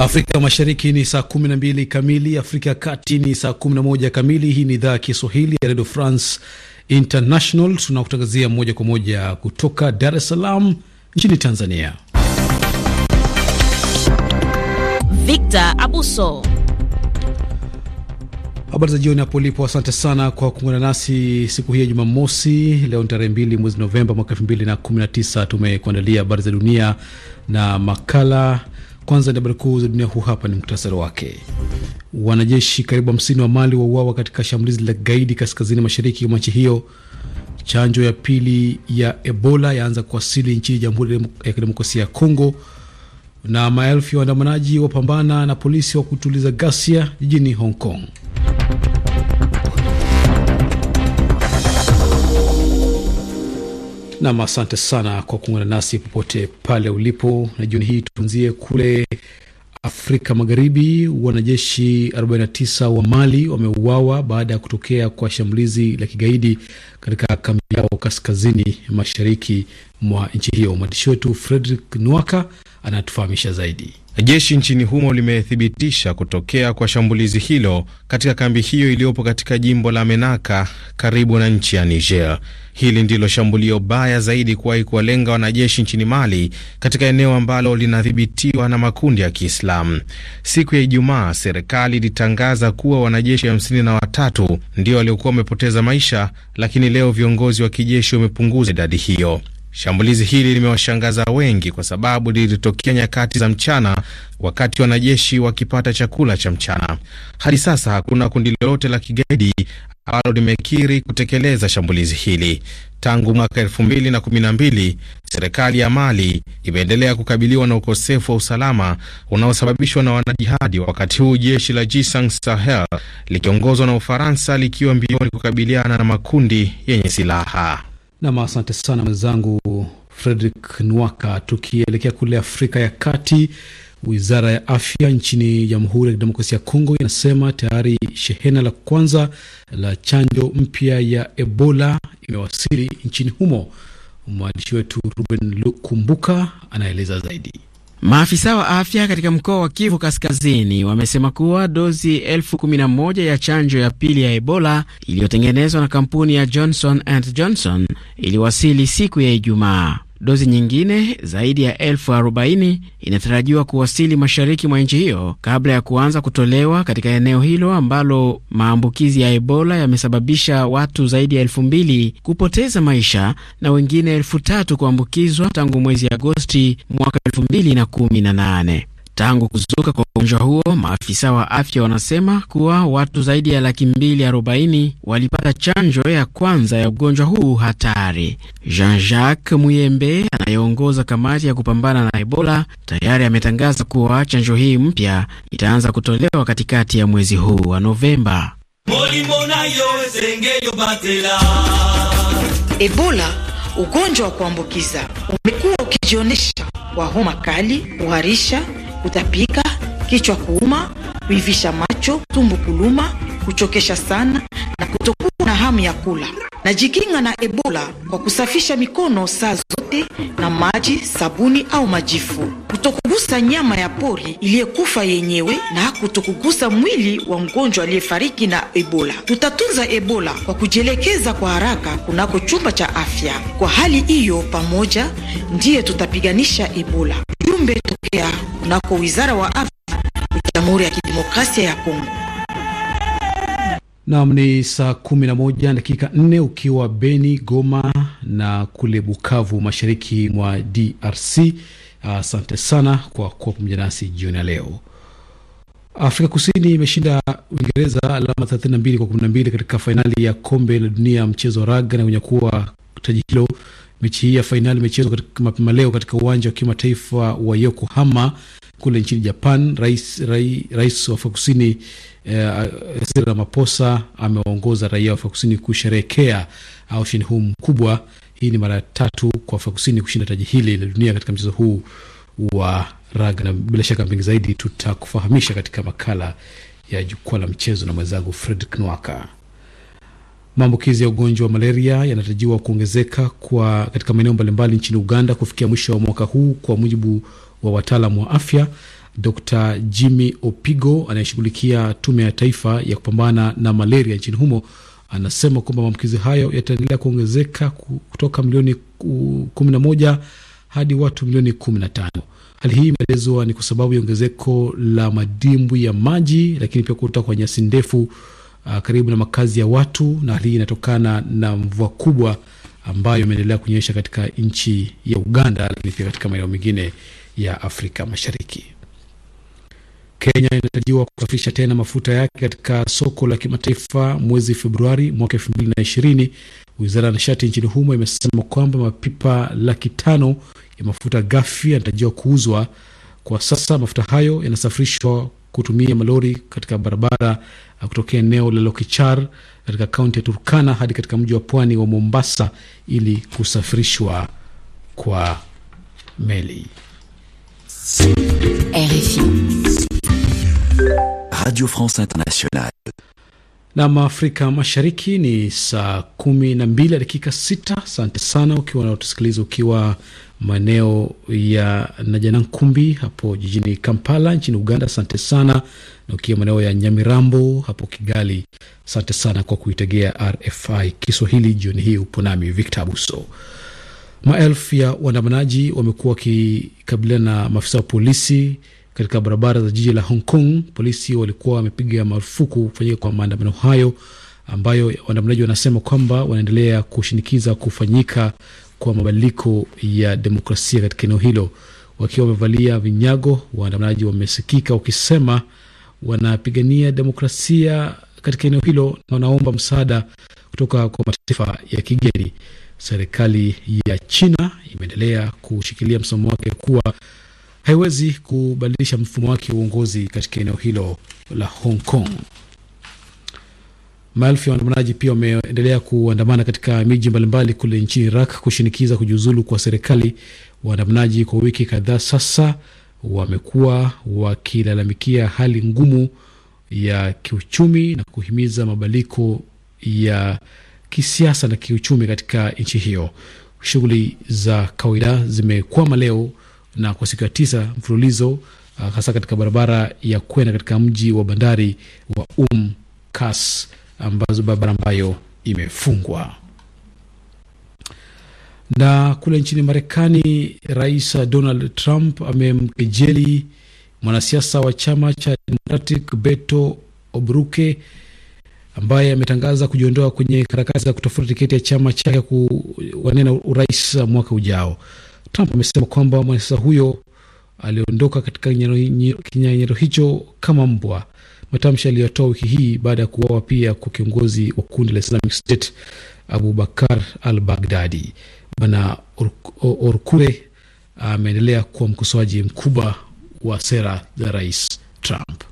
Afrika Mashariki ni saa 12 kamili, Afrika ya Kati ni saa 11 kamili. Hii ni idhaa ya Kiswahili ya Redio France International, tunakutangazia moja kwa moja kutoka Dar es Salaam nchini Tanzania. Victor Abuso, habari za jioni hapo ulipo. Asante sana kwa kuungana nasi siku hii ya Jumamosi. Leo ni tarehe 2 mwezi Novemba mwaka 219 Tumekuandalia habari za dunia na makala kwanza ni habari kuu za dunia, huu hapa ni mktasari wake. Wanajeshi karibu hamsini wa Mali wauawa katika shambulizi la kigaidi kaskazini mashariki mwa nchi hiyo. Chanjo ya pili ya Ebola yaanza kuwasili nchini Jamhuri ya Kidemokrasia ya Kongo. Na maelfu ya waandamanaji wapambana na polisi wa kutuliza ghasia jijini Hong Kong. Nam, asante sana kwa kuungana nasi popote pale ulipo, na jioni hii tuanzie kule Afrika Magharibi. Wanajeshi 49 wa Mali wameuawa baada ya kutokea kwa shambulizi la kigaidi katika kambi yao kaskazini mashariki mwa nchi hiyo. Mwandishi wetu fredrik Nwaka anatufahamisha zaidi. Jeshi nchini humo limethibitisha kutokea kwa shambulizi hilo katika kambi hiyo iliyopo katika jimbo la Menaka karibu na nchi ya Niger. Hili ndilo shambulio baya zaidi kuwahi kuwalenga wanajeshi nchini Mali, katika eneo ambalo linadhibitiwa na makundi ya Kiislamu. Siku ya Ijumaa, serikali ilitangaza kuwa wanajeshi hamsini na watatu ndio waliokuwa wamepoteza maisha, lakini leo viongozi wa kijeshi wamepunguza idadi hiyo. Shambulizi hili limewashangaza wengi kwa sababu lilitokea nyakati za mchana, wakati wanajeshi wakipata chakula cha mchana. Hadi sasa hakuna kundi lolote la kigaidi ambalo limekiri kutekeleza shambulizi hili. Tangu mwaka elfu mbili na kumi na mbili serikali ya Mali imeendelea kukabiliwa na ukosefu wa usalama unaosababishwa na wanajihadi, wakati huu jeshi la Jisang Sahel likiongozwa na Ufaransa likiwa mbioni kukabiliana na makundi yenye silaha. Nam, asante sana mwenzangu Fredrik Nwaka. Tukielekea kule Afrika ya Kati, wizara ya afya nchini Jamhuri ya Kidemokrasia ya Kongo inasema tayari shehena la kwanza la chanjo mpya ya Ebola imewasili nchini humo. Mwandishi wetu Ruben Lukumbuka anaeleza zaidi. Maafisa wa afya katika mkoa wa Kivu Kaskazini wamesema kuwa dozi elfu kumi na moja ya chanjo ya pili ya Ebola iliyotengenezwa na kampuni ya Johnson and Johnson iliwasili siku ya Ijumaa. Dozi nyingine zaidi ya elfu arobaini inatarajiwa kuwasili mashariki mwa nchi hiyo kabla ya kuanza kutolewa katika eneo hilo ambalo maambukizi ya Ebola yamesababisha watu zaidi ya elfu mbili kupoteza maisha na wengine elfu tatu kuambukizwa tangu mwezi Agosti mwaka elfu mbili na kumi na nane. Tangu kuzuka kwa ugonjwa huo, maafisa wa afya wanasema kuwa watu zaidi ya laki mbili arobaini walipata chanjo ya kwanza ya ugonjwa huu hatari. Jean-Jacques Muyembe anayeongoza kamati ya kupambana na Ebola tayari ametangaza kuwa chanjo hii mpya itaanza kutolewa katikati ya mwezi huu wa Novemba. Ebola ugonjwa wa kuambukiza umekuwa ukijionyesha kwa homa kali, kuharisha kutapika, kichwa kuuma, kuivisha macho, tumbo kuluma, kuchokesha sana na kutokuwa na hamu ya kula. Najikinga na Ebola kwa kusafisha mikono saa zote na maji, sabuni au majifu, kutokugusa nyama ya pori iliyekufa yenyewe na kutokugusa mwili wa mgonjwa aliyefariki na Ebola. Tutatunza Ebola kwa kujielekeza kwa haraka kunako chumba cha afya. Kwa hali hiyo, pamoja ndiye tutapiganisha Ebola ujumbe tokea kunako wizara wa afya Jamhuri ya Kidemokrasia ya Kongo. Nam ni saa moja dakika 4 ukiwa Beni, Goma na kule Bukavu, mashariki mwa DRC. Asante uh, sana kwa kuwa pamoja nasi jioni ya leo. Afrika Kusini imeshinda Uingereza alama 32 kwa 12 katika fainali ya kombe la dunia mchezo wa raga na kunyakua taji hilo Mechi hii ya fainali imechezwa mapema leo katika uwanja wa kimataifa wa Yokohama kule nchini Japan. Rais, rai, rais wa Afrika Kusini eh, Cyril Ramaphosa amewaongoza raia wa Afrika Kusini kusherehekea ushindi huu mkubwa. Hii ni mara ya tatu kwa Afrika Kusini kushinda taji hili la dunia katika mchezo huu wa raga, na bila shaka mengi zaidi tutakufahamisha katika makala ya jukwaa la mchezo na mwenzangu Fredrick Nwaka. Maambukizi ya ugonjwa wa malaria yanatarajiwa kuongezeka kwa katika maeneo mbalimbali nchini Uganda kufikia mwisho wa mwaka huu, kwa mujibu wa wataalam wa afya. Dr Jimmy Opigo anayeshughulikia tume ya taifa ya kupambana na malaria nchini humo anasema kwamba maambukizi hayo yataendelea kuongezeka kutoka milioni 11 hadi watu milioni 15. Hali hii imeelezwa ni kwa sababu ya ongezeko la madimbwi ya maji, lakini pia kuta kwa nyasi ndefu uh, karibu na makazi ya watu, na hii inatokana na mvua kubwa ambayo imeendelea kunyesha katika nchi ya Uganda, lakini pia katika maeneo mengine ya Afrika Mashariki. Kenya inatarajiwa kusafirisha tena mafuta yake katika soko la kimataifa mwezi Februari mwaka elfu mbili na ishirini. Wizara ya nishati nchini humo imesema kwamba mapipa laki tano ya mafuta ghafi yanatarajiwa kuuzwa. Kwa sasa mafuta hayo yanasafirishwa kutumia malori katika barabara uh, kutokea eneo la Lokichar katika kaunti ya Turkana hadi katika mji wa pwani wa Mombasa ili kusafirishwa kwa meli. RFI Radio France Internationale. Nama Afrika Mashariki ni saa kumi na mbili ya dakika sita. Asante sana ukiwa naotusikiliza ukiwa maeneo ya Najanankumbi hapo jijini Kampala nchini Uganda, asante sana na ukiwa maeneo ya Nyamirambo hapo Kigali, asante sana kwa kuitegea RFI Kiswahili jioni hii. Upo nami Victor Abuso. Maelfu ya waandamanaji wamekuwa wakikabiliana na maafisa wa polisi katika barabara za jiji la Hong Kong, polisi walikuwa wamepiga marufuku kufanyika kwa maandamano hayo ambayo waandamanaji wanasema kwamba wanaendelea kushinikiza kufanyika kwa mabadiliko ya demokrasia katika eneo hilo. Wakiwa wamevalia vinyago, waandamanaji wamesikika wakisema wanapigania demokrasia katika eneo hilo na wanaomba msaada kutoka kwa mataifa ya kigeni. Serikali ya China imeendelea kushikilia msimamo wake kuwa haiwezi kubadilisha mfumo wake uongozi katika eneo hilo la Hong Kong. Maelfu ya waandamanaji pia wameendelea kuandamana katika miji mbalimbali kule nchini Iraq kushinikiza kujiuzulu kwa serikali. Waandamanaji kwa wiki kadhaa sasa wamekuwa wakilalamikia hali ngumu ya kiuchumi na kuhimiza mabadiliko ya kisiasa na kiuchumi katika nchi hiyo. Shughuli za kawaida zimekwama leo na kwa siku ya tisa mfululizo uh, hasa katika barabara ya kwenda katika mji wa bandari wa Um Kas, ambazo barabara ambayo imefungwa. Na kule nchini Marekani, Rais Donald Trump amemkejeli mwanasiasa wa chama cha Democratic Beto Obruke ambaye ametangaza kujiondoa kwenye karakati za kutafuta tiketi ya chama chake kuwania urais mwaka ujao. Trump amesema kwamba mwanasiasa huyo aliondoka katika kinyang'anyiro hicho kama mbwa, matamshi aliyotoa wiki hii baada ya kuuawa pia kwa kiongozi wa kundi la Islamic State Abubakar al Baghdadi. Bwana Orkure ameendelea kuwa mkosoaji mkubwa wa sera za Rais Trump.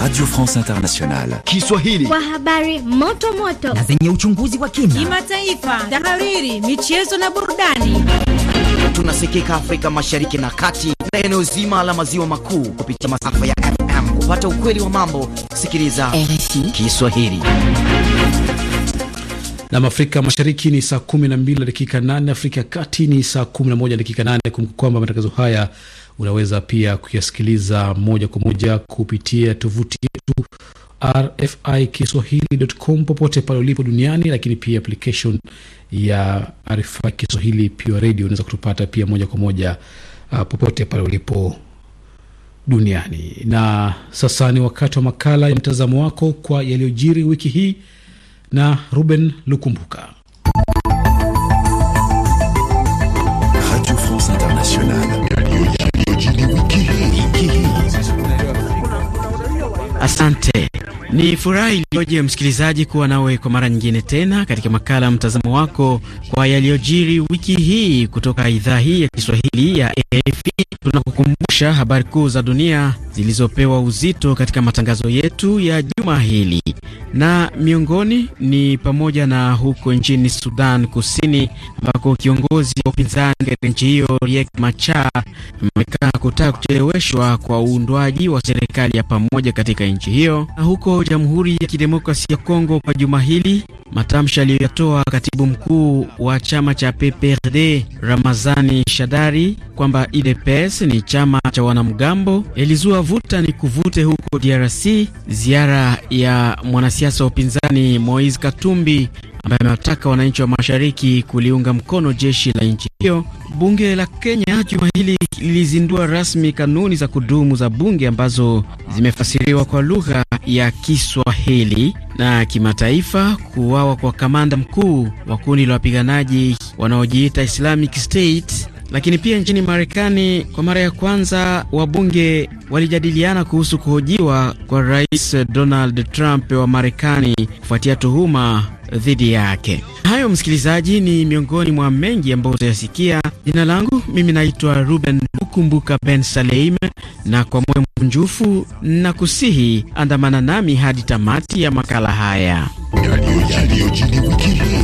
Radio France Internationale Kiswahili kwa habari moto moto na zenye uchunguzi wa kina, kimataifa, tahariri, michezo na burudani. Tunasikika Afrika Mashariki na Kati na eneo zima la maziwa makuu kupitia masafa ya FM. Kupata ukweli wa mambo, sikiliza RFI Kiswahili. Na Afrika Mashariki ni saa 12 dakika 8, Afrika ya Kati ni saa 11 dakika 8. Kumbuka kwamba matangazo haya Unaweza pia kuyasikiliza moja kwa moja kupitia tovuti yetu RFI Kiswahili.com popote pale ulipo duniani, lakini pia application ya RFI Kiswahili pia Radio. Unaweza kutupata pia moja kwa moja uh, popote pale ulipo duniani. Na sasa ni wakati wa makala ya mtazamo wako kwa yaliyojiri wiki hii na Ruben Lukumbuka. Asante. Ni furaha iliyoje msikilizaji kuwa nawe kwa mara nyingine tena katika makala mtazamo wako kwa yaliyojiri wiki hii kutoka idhaa hii ya Kiswahili ya RFI. Tunakukumbusha habari kuu za dunia zilizopewa uzito katika matangazo yetu ya juma hili, na miongoni ni pamoja na huko nchini Sudan Kusini ambako kiongozi wa upinzani katika nchi hiyo Riek Machar amekaa kutaka kucheleweshwa kwa uundwaji wa serikali ya pamoja katika nchi hiyo. Na huko Jamhuri ya kidemokrasi ya Kongo, kwa juma hili, matamshi aliyoyatoa katibu mkuu wa chama cha PPRD Ramazani Shadari kwamba UDPS ni chama cha wanamgambo yalizua vuta ni kuvute huko DRC. Ziara ya mwanasiasa wa upinzani Moise Katumbi ambaye amewataka wananchi wa mashariki kuliunga mkono jeshi la nchi hiyo. Bunge la Kenya juma hili lilizindua rasmi kanuni za kudumu za bunge ambazo zimefasiriwa kwa lugha ya Kiswahili na kimataifa. Kuuawa kwa kamanda mkuu wa kundi la wapiganaji wanaojiita Islamic State lakini pia nchini Marekani, kwa mara ya kwanza wabunge walijadiliana kuhusu kuhojiwa kwa Rais Donald Trump wa Marekani kufuatia tuhuma dhidi yake. Hayo msikilizaji, ni miongoni mwa mengi ambayo utayasikia. Jina langu mimi naitwa Ruben Lukumbuka Ben Saleim, na kwa moyo mkunjufu na kusihi andamana nami hadi tamati ya makala haya yaliyojiri wiki hii.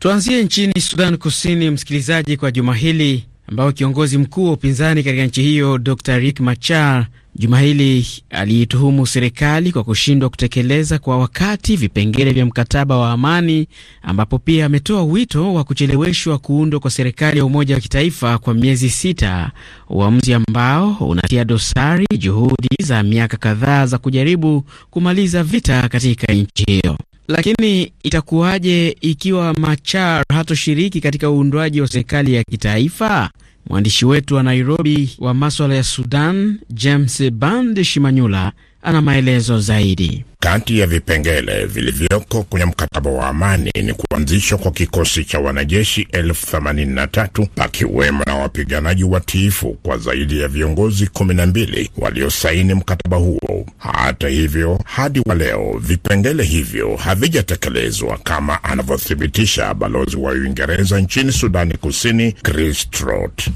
Tuanzie nchini Sudan Kusini, msikilizaji, kwa juma hili ambao kiongozi mkuu wa upinzani katika nchi hiyo Dr rik Machar juma hili aliituhumu serikali kwa kushindwa kutekeleza kwa wakati vipengele vya mkataba wa amani, ambapo pia ametoa wito wa kucheleweshwa kuundwa kwa serikali ya umoja wa kitaifa kwa miezi sita, uamuzi ambao unatia dosari juhudi za miaka kadhaa za kujaribu kumaliza vita katika nchi hiyo. Lakini itakuwaje ikiwa Machar hatoshiriki katika uundwaji wa serikali ya kitaifa? Mwandishi wetu wa Nairobi wa maswala ya Sudan, James Band Shimanyula, ana maelezo zaidi. Kati ya vipengele vilivyoko kwenye mkataba wa amani ni kuanzishwa kwa kikosi cha wanajeshi elfu themanini na tatu pakiwemo na wapiganaji watiifu kwa zaidi ya viongozi kumi na mbili waliosaini mkataba huo. Hata hivyo, hadi wa leo vipengele hivyo havijatekelezwa kama anavyothibitisha balozi wa Uingereza nchini Sudani Kusini, Chris Trot.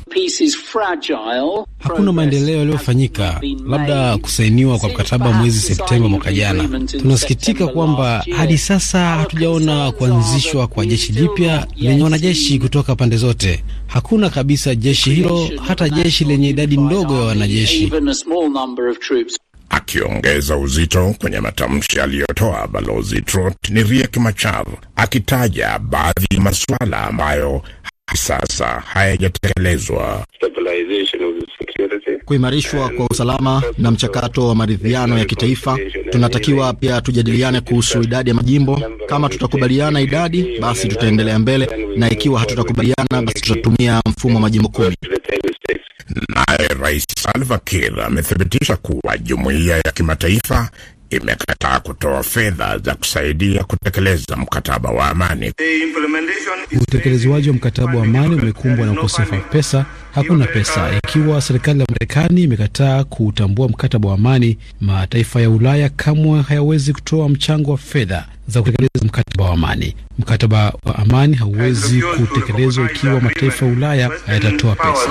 Hakuna maendeleo yaliyofanyika, labda kusainiwa kwa mkataba mwezi Septemba mwaka jana Tunasikitika kwamba hadi sasa hatujaona kuanzishwa kwa jeshi jipya lenye wanajeshi kutoka pande zote. Hakuna kabisa jeshi hilo, hata jeshi lenye idadi ndogo ya wanajeshi. Akiongeza uzito kwenye matamshi aliyotoa Balozi Trot ni Riek Machar akitaja baadhi ya masuala ambayo sasa hayajatekelezwa. Kuimarishwa kwa usalama na mchakato wa maridhiano ya kitaifa, tunatakiwa pia tujadiliane kuhusu idadi ya majimbo. Kama tutakubaliana idadi, basi tutaendelea mbele, na ikiwa hatutakubaliana, basi tutatumia mfumo wa majimbo kumi. Naye Rais Salva Kiir amethibitisha kuwa jumuiya ya kimataifa imekataa kutoa fedha za kusaidia kutekeleza mkataba wa amani. Utekelezwaji wa mkataba wa amani umekumbwa na ukosefu wa pesa hakuna pesa. Ikiwa serikali ya Marekani imekataa kutambua mkataba wa amani, mataifa ya Ulaya kamwe hayawezi kutoa mchango wa fedha za kutekeleza mkataba wa amani. Mkataba wa amani hauwezi kutekelezwa ikiwa mataifa ya Ulaya hayatatoa pesa.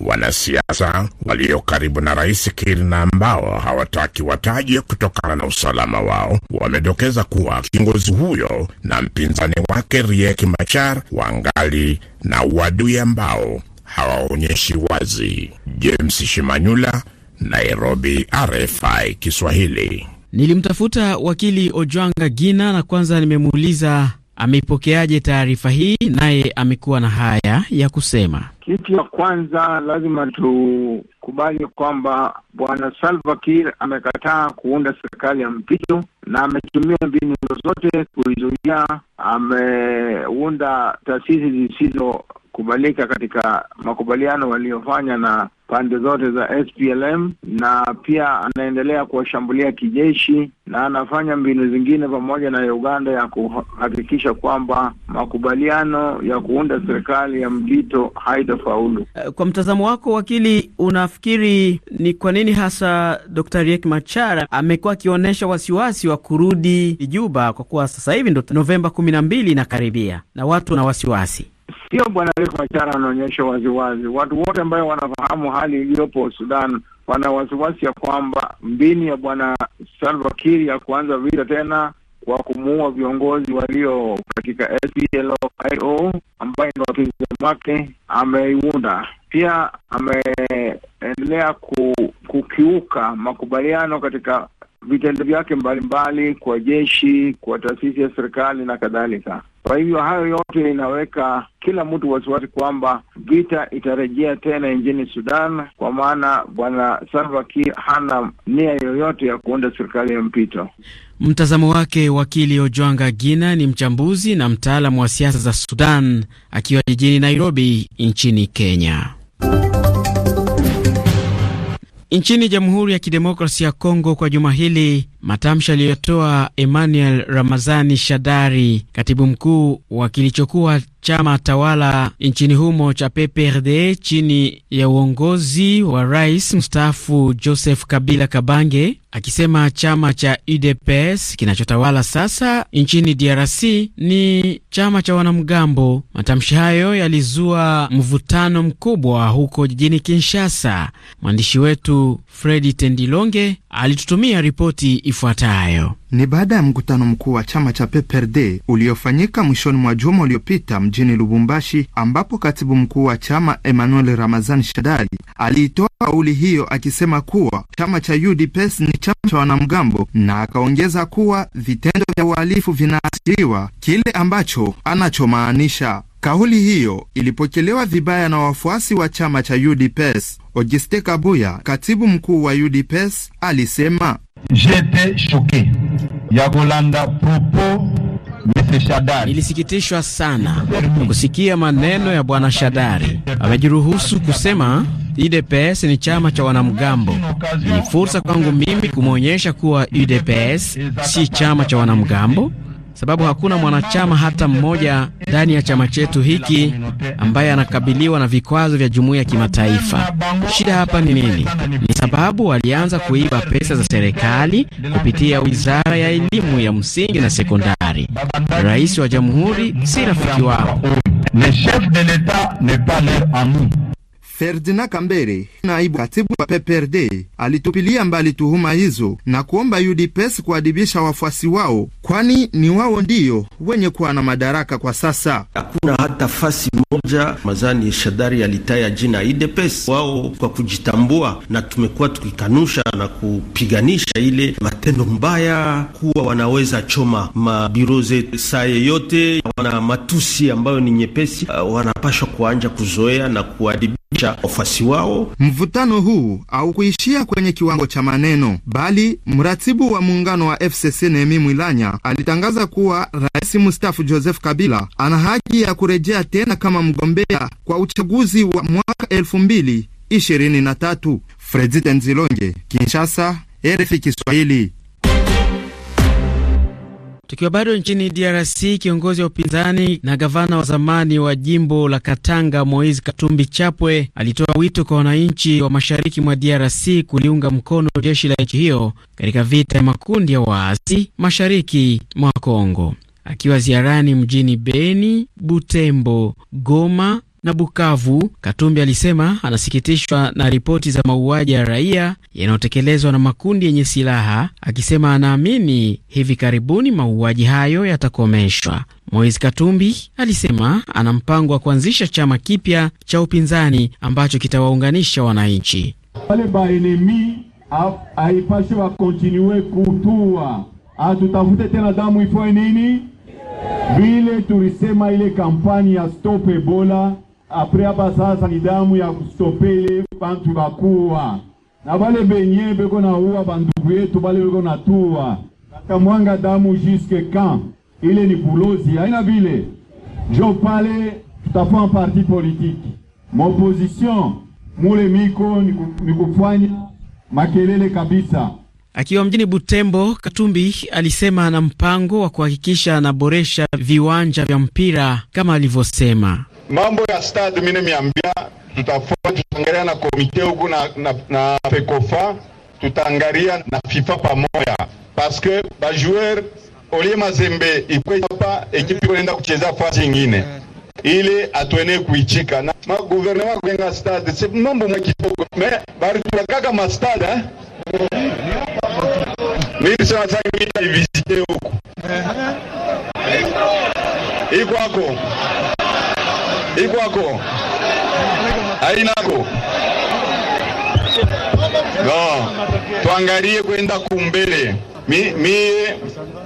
Wanasiasa walio karibu na rais Kiir na ambao hawataki wataje kutokana na usalama wao wamedokeza kuwa kiongozi huyo na mpinzani wake Riek Machar wangali na uadui ambao hawaonyeshi wazi. James Shimanyula, Nairobi, RFI Kiswahili. Nilimtafuta wakili Ojwanga Gina na kwanza nimemuuliza ameipokeaje taarifa hii, naye amekuwa na haya ya kusema. Kitu ya kwanza lazima tukubali kwamba Bwana Salva Kiir amekataa kuunda serikali ya mpito na ametumia mbinu zozote kuizuia. Ameunda taasisi zisizokubalika katika makubaliano waliyofanya na pande zote za SPLM na pia anaendelea kuwashambulia kijeshi na anafanya mbinu zingine pamoja na Uganda ya kuhakikisha kwamba makubaliano ya kuunda serikali ya mpito haitafaulu. Eh, kwa mtazamo wako, wakili, unafikiri ni kwa nini hasa Dr. Riek Machar amekuwa akionyesha wasiwasi wa kurudi Juba, kwa kuwa sasa hivi ndo Novemba kumi na mbili inakaribia na watu na wasiwasi hiyo Bwana Riek Machar anaonyesha waziwazi, watu wote ambayo wanafahamu hali iliyopo Sudan wana wasiwasi ya kwamba mbini ya Bwana Salva Kiir ya kuanza vita tena kwa kumuua viongozi walio katika SPLOIO ambaye ni wapinzani wake ameiunda. Pia ameendelea ku, kukiuka makubaliano katika vitendo vyake mbalimbali kwa jeshi, kwa taasisi ya serikali na kadhalika. Kwa hivyo hayo yote inaweka kila mtu wasiwasi kwamba vita itarejea tena nchini Sudan, kwa maana bwana Salva Kiir hana nia yoyote ya kuunda serikali ya mpito. Mtazamo wake wakili Ojwanga Gina ni mchambuzi na mtaalamu wa siasa za Sudan, akiwa jijini Nairobi nchini Kenya. Nchini Jamhuri ya Kidemokrasia ya Kongo kwa juma hili, matamshi aliyotoa Emmanuel Ramazani Shadari, katibu mkuu wa kilichokuwa chama tawala nchini humo cha PPRD chini ya uongozi wa rais mstaafu Joseph Kabila Kabange, akisema chama cha UDPS kinachotawala sasa nchini DRC ni chama cha wanamgambo. Matamshi hayo yalizua mvutano mkubwa huko jijini Kinshasa. Mwandishi wetu Fredi Tendilonge alitutumia ripoti ifuatayo. Ni baada ya mkutano mkuu wa chama cha PPRD uliofanyika mwishoni mwa juma uliopita mjini Lubumbashi, ambapo katibu mkuu wa chama Emmanuel Ramazan Shadari aliitoa kauli hiyo akisema kuwa chama cha UDPS ni chama cha wanamgambo, na akaongeza kuwa vitendo vya uhalifu vinaasiriwa, kile ambacho anachomaanisha Kauli hiyo ilipokelewa vibaya na wafuasi wa chama cha UDPS. Ogiste Kabuya, katibu mkuu wa UDPS, alisema jete shoke ya propo Nilisikitishwa sana kusikia maneno ya bwana Shadari. Amejiruhusu kusema UDPS ni chama cha wanamgambo. Ni fursa kwangu mimi kumwonyesha kuwa UDPS si chama cha wanamgambo sababu hakuna mwanachama hata mmoja ndani ya chama chetu hiki ambaye anakabiliwa na vikwazo vya jumuiya ya kimataifa. Shida hapa ni nini? Ni sababu walianza kuiba pesa za serikali kupitia wizara ya elimu ya msingi na sekondari. Rais wa jamhuri si rafiki wao. Ferdinand Kambere, naibu katibu wa PPRD, alitupilia mbali tuhuma hizo na kuomba UDPS kuadibisha wafuasi wao, kwani ni wao ndiyo wenye kuwa na madaraka kwa sasa. Hakuna hata fasi moja mazani Shadari alitaya jina UDPS wao kwa kujitambua, na tumekuwa tukikanusha na kupiganisha ile matendo mbaya kuwa wanaweza choma mabiro zetu saa yeyote, wana matusi ambayo ni nyepesi, wanapashwa kuanja kuzoea na kuadibisha wafuasi wao. Mvutano huu haukuishia kwenye kiwango cha maneno, bali mratibu wa muungano wa FCC nemi Mwilanya alitangaza kuwa rais mstaafu Joseph Kabila ana haki ya kurejea tena kama mgombea kwa uchaguzi wa mwaka elfu mbili ishirini na tatu. Fredi Tenzilonge, Kinshasa, RFI Kiswahili. Tukiwa bado nchini DRC, kiongozi wa upinzani na gavana wa zamani wa jimbo la Katanga Moise Katumbi Chapwe alitoa wito kwa wananchi wa mashariki mwa DRC kuliunga mkono jeshi la nchi hiyo katika vita ya makundi ya waasi mashariki mwa Kongo. Akiwa ziarani mjini Beni, Butembo, Goma na Bukavu, Katumbi alisema anasikitishwa na ripoti za mauaji ya raia yanayotekelezwa na makundi yenye silaha, akisema anaamini hivi karibuni mauaji hayo yatakomeshwa. Moise Katumbi alisema ana mpango wa kuanzisha chama kipya cha upinzani ambacho kitawaunganisha wananchi. Wale baenemi haipashe wakontinue kutua, atutafute tena damu ifoe nini vile tulisema ile kampani ya Stop Ebola apre hapa sasa ni damu ya kustopele bantu bakuwa na bale benye beko na uwa bandugu yetu bale beko na tuwa mwanga damu jiske kan ile ni bulozi aina vile jo pale tutafanya parti politiki maopposition mule miko ni kufanya makelele kabisa. Akiwa mjini Butembo, Katumbi alisema ana mpango wa kuhakikisha anaboresha viwanja vya mpira kama alivyosema mambo ya stade, mine nimeambia tutafua, tutaangalia na komite huku na, na, na pekofa tutaangalia na FIFA pamoja, parce que ba joueur olie mazembe ikwapa ekipi inaenda kucheza fasi nyingine ili atuene kuichika na ma kujenga stade si mambo mwakidogo me bari tunakaka ma stade eh? mimi sana huko iko hapo ikwako hainako no. Tuangalie kwenda kumbele. Mi, mie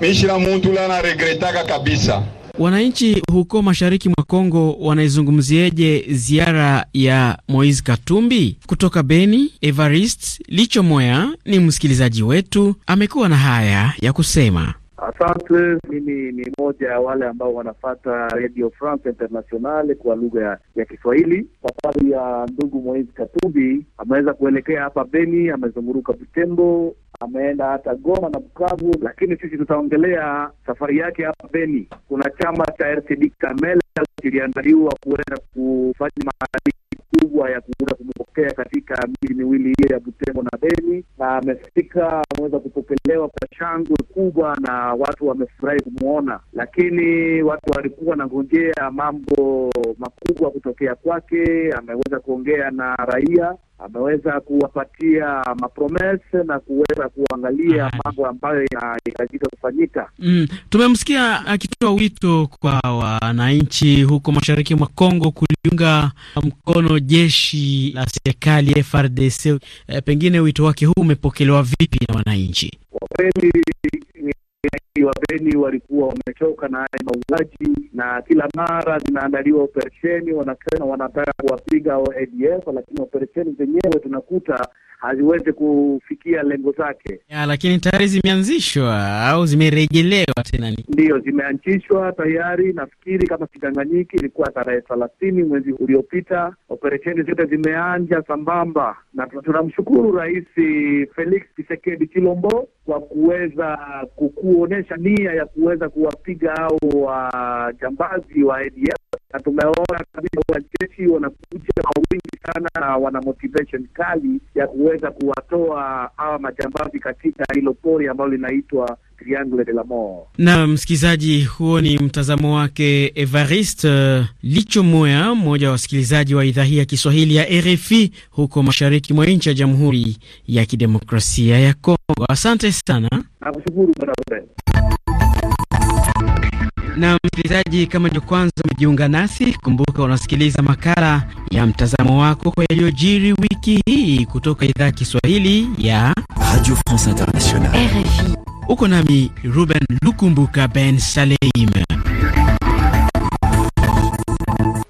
mishila muntu lanaregretaka kabisa. Wananchi huko mashariki mwa Kongo wanaizungumzieje ziara ya Moise Katumbi? Kutoka Beni, Evarist Licho Moya ni msikilizaji wetu, amekuwa na haya ya kusema. Asante. Mimi ni moja ya wale ambao wanafata Radio France Internationale kwa lugha ya Kiswahili. Safari ya ndugu Moise Katumbi ameweza kuelekea hapa Beni, amezunguruka Butembo, ameenda hata Goma na Bukavu, lakini sisi tutaongelea safari yake hapa Beni. Kuna chama cha RCD Kamela kiliandaliwa kuenda kufanya maandalizi kubwa ya kuunda kutokea katika miji miwili hiyo ya Butembo na Beni, na amefika, ameweza kupokelewa kwa shangwe kubwa na watu wamefurahi kumwona, lakini watu walikuwa nangojea mambo makubwa kutokea kwake. Ameweza kuongea na raia ameweza kuwapatia mapromese na kuweza kuangalia mambo ambayo yanahitajika kufanyika. Mm, tumemsikia akitoa wito kwa wananchi huko mashariki mwa Kongo kuliunga mkono jeshi la serikali FRDC. E, eh, pengine wito wake huu umepokelewa vipi na wananchi? Kwa kweli Wabeni walikuwa wamechoka na haya mauaji, na kila mara zinaandaliwa operesheni, wanasema wanataka kuwapiga ADF, lakini operesheni zenyewe tunakuta haziweze kufikia lengo zake ya, lakini tayari zimeanzishwa au zimerejelewa tena? Ni ndiyo, zimeanzishwa tayari. Nafikiri kama sidanganyiki, ilikuwa tarehe thelathini mwezi uliopita. Operesheni zote zimeanja sambamba, na tunamshukuru Rais Felix Tshisekedi Chilombo kwa kuweza kuonyesha nia ya kuweza kuwapiga au wajambazi wa ADF na tumeona kabisa wanajeshi wanakuja kwa wingi sana na wana motivation kali ya kuweza kuwatoa hawa majambazi katika hilo pori ambalo linaitwa Triangle de la Mort. Na msikilizaji, huo ni mtazamo wake Evariste eh, licho moya mmoja wa wasikilizaji wa idhaa hii ya Kiswahili ya RFI huko mashariki mwa nchi ya Jamhuri ya Kidemokrasia ya Kongo. Asante sana, nakushukuru. Na msikilizaji, kama ndio kwanza umejiunga nasi, kumbuka unasikiliza makala ya mtazamo wako kwa yaliyojiri wiki hii kutoka idhaa Kiswahili ya Radio France Internationale RFI. Uko nami Ruben Lukumbuka Ben Saleim.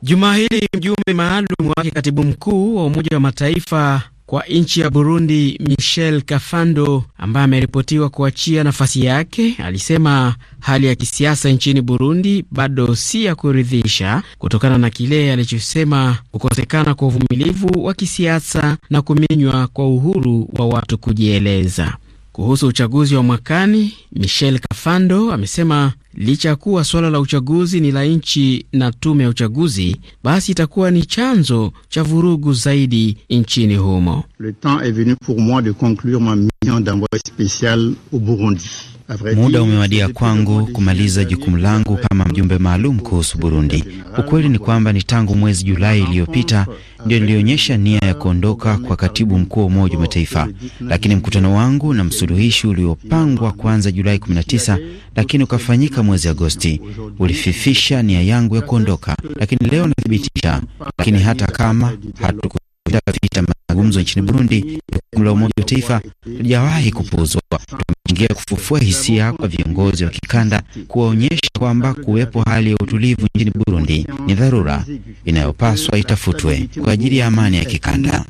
Jumaa hili mjumbe maalum wake katibu mkuu wa Umoja wa Mataifa kwa nchi ya Burundi Michel Kafando ambaye ameripotiwa kuachia nafasi yake alisema hali ya kisiasa nchini Burundi bado si ya kuridhisha kutokana na kile alichosema kukosekana kwa uvumilivu wa kisiasa na kuminywa kwa uhuru wa watu kujieleza. Kuhusu uchaguzi wa mwakani, Michel Kafando amesema licha ya kuwa suala la uchaguzi ni la nchi na tume ya uchaguzi, basi itakuwa ni chanzo cha vurugu zaidi nchini humo. Le temps est venu pour moi de conclure ma mission spécial au Burundi. Muda umewadia kwangu kumaliza jukumu langu kama mjumbe maalum kuhusu Burundi. Ukweli ni kwamba ni tangu mwezi Julai iliyopita ndio nilionyesha nia ya kuondoka kwa katibu mkuu wa Umoja wa Mataifa, lakini mkutano wangu na msuluhishi uliopangwa kuanza Julai 19 lakini ukafanyika mwezi Agosti ulififisha nia yangu ya kuondoka, lakini leo nathibitisha. Lakini hata kama hatukushinda vita mazungumzo nchini Burundi, jukumu la Umoja wa Mataifa halijawahi kupuuzwa imechangia kufufua hisia kwa viongozi wa kikanda kuwaonyesha kwamba kuwepo hali ya utulivu nchini Burundi ni dharura inayopaswa itafutwe kwa ajili ya amani ya kikanda.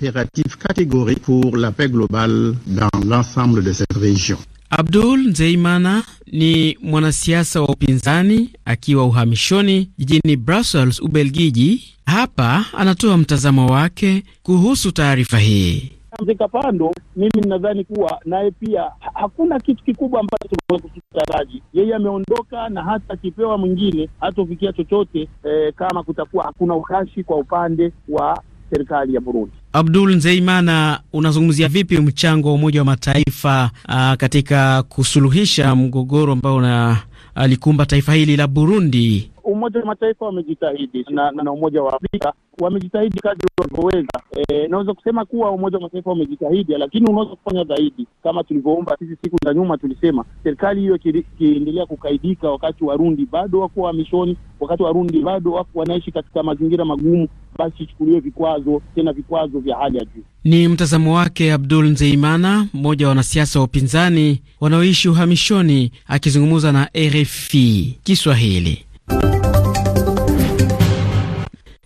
Abdul Nzeimana ni mwanasiasa wa upinzani akiwa uhamishoni jijini Brussels, Ubelgiji. Hapa anatoa mtazamo wake kuhusu taarifa hii. Ramzi pando, mimi ninadhani kuwa naye pia hakuna kitu kikubwa ambacho tunaweza kukitaraji. Yeye ameondoka na hata akipewa mwingine hatofikia chochote eh, kama kutakuwa hakuna ukashi kwa upande wa serikali ya Burundi. Abdul Nzeimana, unazungumzia vipi mchango wa Umoja wa Mataifa a, ah, katika kusuluhisha mgogoro ambao alikumba ah, taifa hili la Burundi? Umoja wa Mataifa wamejitahidi na, na Umoja wa Afrika wamejitahidi kadri wanavyoweza. E, naweza kusema kuwa Umoja wa Mataifa wamejitahidi, lakini unaweza kufanya zaidi. Kama tulivyoomba sisi siku za nyuma, tulisema serikali hiyo ikiendelea kukaidika, wakati Warundi bado wako wamishoni, wakati Warundi bado wako wanaishi katika mazingira magumu, basi ichukuliwe vikwazo, tena vikwazo vya hali ya juu. Ni mtazamo wake Abdul Nzeimana, mmoja wa wanasiasa wa upinzani wanaoishi uhamishoni, akizungumza na RFI Kiswahili.